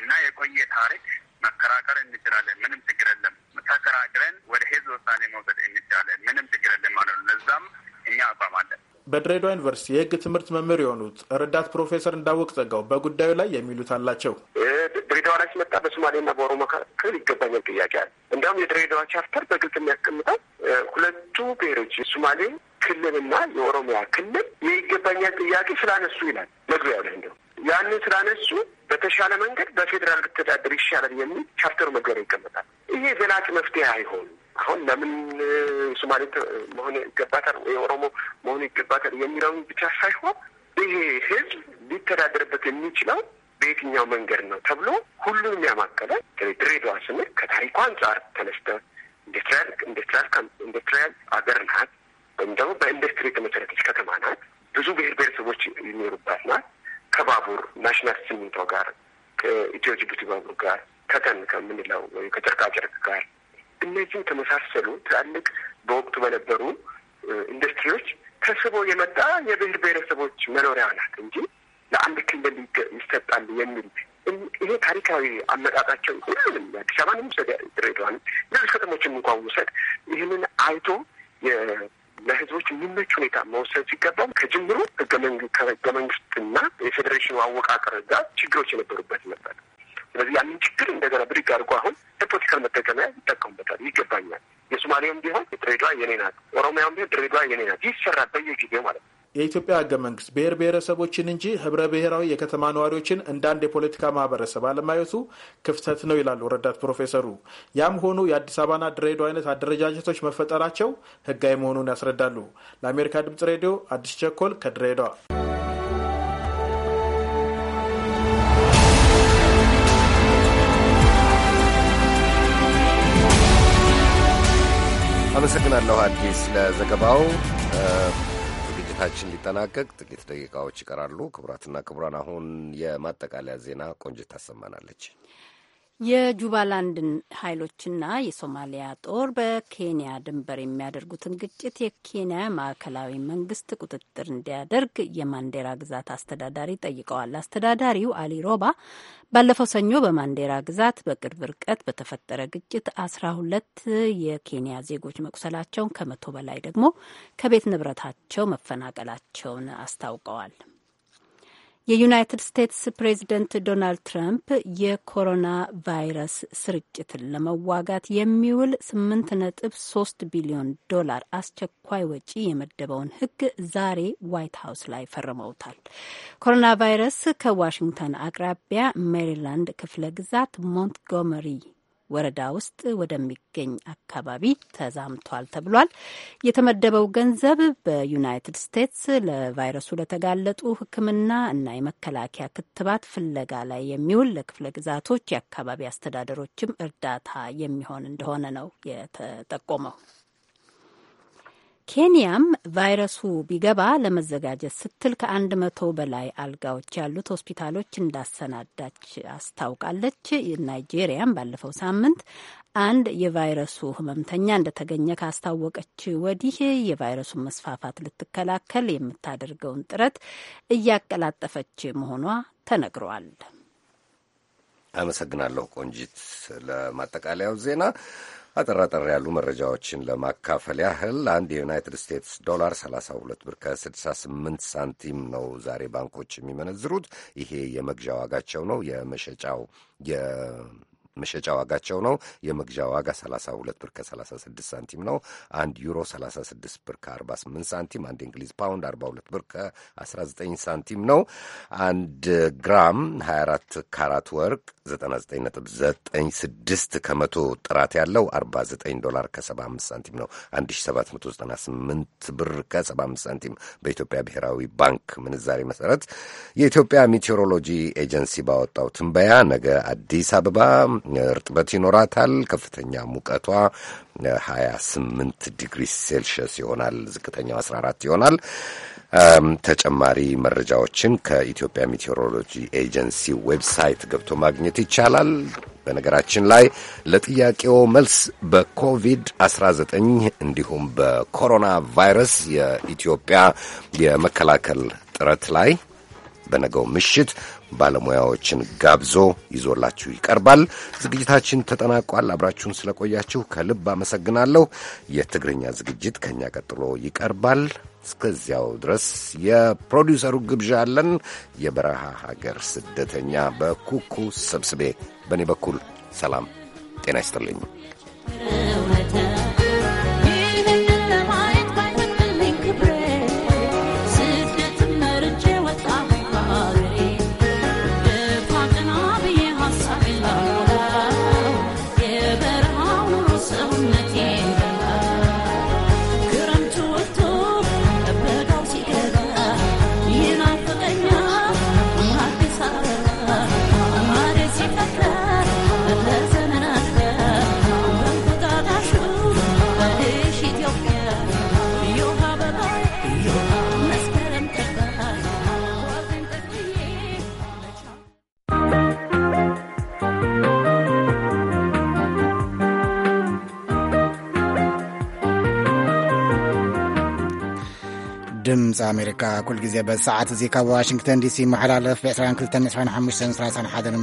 Speaker 17: እና የቆየ ታሪክ መከራከር እንችላለን። ምንም ችግር የለም። ተከራክረን ወደ ህዝብ ውሳኔ መውሰድ እንችላለን።
Speaker 16: ምንም ችግር የለም ማለት ነው። ለዛም እኛ አቋም አለን። በድሬዳዋ ዩኒቨርሲቲ የህግ ትምህርት መምህር የሆኑት ረዳት ፕሮፌሰር እንዳወቅ ጸጋው በጉዳዩ ላይ የሚሉት አላቸው።
Speaker 19: ድሬዳዋ ላይ ሲመጣ በሶማሌና በኦሮሞ መካከል ይገባኛል ጥያቄ አለ። እንዲሁም የድሬዳዋ ቻርተር በግልጽ የሚያስቀምጠው ሁለቱ ብሔሮች የሶማሌ ክልልና የኦሮሚያ ክልል የይገባኛል ጥያቄ ስላነሱ ይላል መግቢያው ላይ እንደው ያንን ስላነሱ በተሻለ መንገድ በፌዴራል ብተዳደር ይሻላል የሚል ቻፕተሩ መግቢያ ይቀመጣል። ይሄ ዘላቂ መፍትሄ አይሆን። አሁን ለምን ሶማሌ መሆን ይገባታል የኦሮሞ መሆን ይገባታል የሚለውን ብቻ ሳይሆን ይሄ ህዝብ ሊተዳደርበት የሚችለው በየትኛው መንገድ ነው ተብሎ ሁሉንም ያማከለ ድሬዳዋ ስንል ከታሪኳ አንጻር ተነስተ ኢንዱስትሪያል አገር ናት፣ ወይም ደግሞ በኢንዱስትሪ የተመሰረተች ከተማ ናት። ብዙ ብሄር ብሄረሰቦች የሚኖሩባት ናት። ከባቡር ናሽናል ሲሚንቶ ጋር ከኢትዮ ጅቡቲ ባቡር ጋር ከተን ከምንለው ወይም ጨርቅ ጋር እነዚህ የተመሳሰሉ ትላልቅ በወቅቱ በነበሩ ኢንዱስትሪዎች ተስቦ የመጣ የብሔር ብሔረሰቦች መኖሪያ ናት እንጂ ለአንድ ክልል ይሰጣል የሚል ይሄ ታሪካዊ አመጣጣቸው ሁሉንም አዲስ አበባን ውሰድ፣ ድሬዳዋን፣ ሌሎች ከተሞችን እንኳን ውሰድ፣ ይህንን አይቶ ለህዝቦች የሚመች ሁኔታ መወሰን ሲገባም ከጅምሩ ህገ መንግስትና የፌዴሬሽኑ አወቃቀር ጋር ችግሮች የነበሩበት ነበር። ስለዚህ ያንን ችግር እንደገና ብድግ አድርጎ አሁን ለፖለቲካል መጠቀሚያ ይጠቀሙበታል። ይገባኛል። የሶማሌውም ቢሆን ድሬዳዋ የኔ ናት፣ ኦሮሚያውም ቢሆን ድሬዳዋ የኔ ናት። ይሰራል በየጊዜው
Speaker 16: ማለት ነው። የኢትዮጵያ ህገ መንግስት ብሔር ብሔረሰቦችን እንጂ ህብረ ብሔራዊ የከተማ ነዋሪዎችን እንደ አንድ የፖለቲካ ማህበረሰብ አለማየቱ ክፍተት ነው ይላሉ ረዳት ፕሮፌሰሩ። ያም ሆኑ የአዲስ አበባና ድሬዳዋ አይነት አደረጃጀቶች መፈጠራቸው ህጋዊ መሆኑን ያስረዳሉ። ለአሜሪካ ድምጽ ሬዲዮ አዲስ ቸኮል ከድሬዳዋ።
Speaker 1: አመሰግናለሁ አዲስ ለዘገባው። ውይይታችን ሊጠናቀቅ ጥቂት ደቂቃዎች ይቀራሉ። ክቡራትና ክቡራን፣ አሁን የማጠቃለያ ዜና ቆንጅት ታሰማናለች።
Speaker 3: የጁባላንድን ኃይሎችና የሶማሊያ ጦር በኬንያ ድንበር የሚያደርጉትን ግጭት የኬንያ ማዕከላዊ መንግስት ቁጥጥር እንዲያደርግ የማንዴራ ግዛት አስተዳዳሪ ጠይቀዋል። አስተዳዳሪው አሊ ሮባ ባለፈው ሰኞ በማንዴራ ግዛት በቅርብ ርቀት በተፈጠረ ግጭት አስራ ሁለት የኬንያ ዜጎች መቁሰላቸውን ከመቶ በላይ ደግሞ ከቤት ንብረታቸው መፈናቀላቸውን አስታውቀዋል። የዩናይትድ ስቴትስ ፕሬዝደንት ዶናልድ ትራምፕ የኮሮና ቫይረስ ስርጭትን ለመዋጋት የሚውል 8.3 ቢሊዮን ዶላር አስቸኳይ ወጪ የመደበውን ሕግ ዛሬ ዋይት ሀውስ ላይ ፈርመውታል። ኮሮና ቫይረስ ከዋሽንግተን አቅራቢያ ሜሪላንድ ክፍለ ግዛት ሞንትጎመሪ ወረዳ ውስጥ ወደሚገኝ አካባቢ ተዛምቷል ተብሏል። የተመደበው ገንዘብ በዩናይትድ ስቴትስ ለቫይረሱ ለተጋለጡ ሕክምና እና የመከላከያ ክትባት ፍለጋ ላይ የሚውል ለክፍለ ግዛቶች የአካባቢ አስተዳደሮችም እርዳታ የሚሆን እንደሆነ ነው የተጠቆመው። ኬንያም ቫይረሱ ቢገባ ለመዘጋጀት ስትል ከአንድ መቶ በላይ አልጋዎች ያሉት ሆስፒታሎች እንዳሰናዳች አስታውቃለች። ናይጄሪያም ባለፈው ሳምንት አንድ የቫይረሱ ህመምተኛ እንደተገኘ ካስታወቀች ወዲህ የቫይረሱን መስፋፋት ልትከላከል የምታደርገውን ጥረት እያቀላጠፈች መሆኗ ተነግሯል።
Speaker 1: አመሰግናለሁ ቆንጂት። ለማጠቃለያው ዜና አጠራጠር ያሉ መረጃዎችን ለማካፈል ያህል አንድ የዩናይትድ ስቴትስ ዶላር 32 ብር ከ68 ሳንቲም ነው ዛሬ ባንኮች የሚመነዝሩት። ይሄ የመግዣ ዋጋቸው ነው። የመሸጫው መሸጫ ዋጋቸው ነው። የመግዣ ዋጋ 32 ብር ከ36 ሳንቲም ነው። አንድ ዩሮ 36 ብር ከ48 ሳንቲም፣ አንድ እንግሊዝ ፓውንድ 42 ብር ከ19 ሳንቲም ነው። አንድ ግራም 24 ካራት ወርቅ 99.96 ከመቶ ጥራት ያለው 49 ዶላር ከ75 ሳንቲም ነው። 1798 ብር ከ75 ሳንቲም በኢትዮጵያ ብሔራዊ ባንክ ምንዛሬ መሰረት የኢትዮጵያ ሜቴሮሎጂ ኤጀንሲ ባወጣው ትንበያ ነገ አዲስ አበባ እርጥበት ይኖራታል። ከፍተኛ ሙቀቷ 28 ዲግሪ ሴልሽየስ ይሆናል። ዝቅተኛው 14 ይሆናል። ተጨማሪ መረጃዎችን ከኢትዮጵያ ሜቴሮሎጂ ኤጀንሲ ዌብሳይት ገብቶ ማግኘት ይቻላል። በነገራችን ላይ ለጥያቄው መልስ በኮቪድ-19 እንዲሁም በኮሮና ቫይረስ የኢትዮጵያ የመከላከል ጥረት ላይ በነገው ምሽት ባለሙያዎችን ጋብዞ ይዞላችሁ ይቀርባል። ዝግጅታችን ተጠናቋል። አብራችሁን ስለቆያችሁ ከልብ አመሰግናለሁ። የትግርኛ ዝግጅት ከእኛ ቀጥሎ ይቀርባል። እስከዚያው ድረስ የፕሮዲውሰሩ ግብዣ አለን። የበረሃ ሀገር ስደተኛ በኩኩ ሰብስቤ በእኔ በኩል ሰላም ጤና ይስጥልኝ።
Speaker 11: ድምፂ ኣሜሪካ ኩሉ ግዜ በዚ ሰዓት እዚ ካብ ዋሽንግተን ዲሲ መሓላለፍ ብ2225 31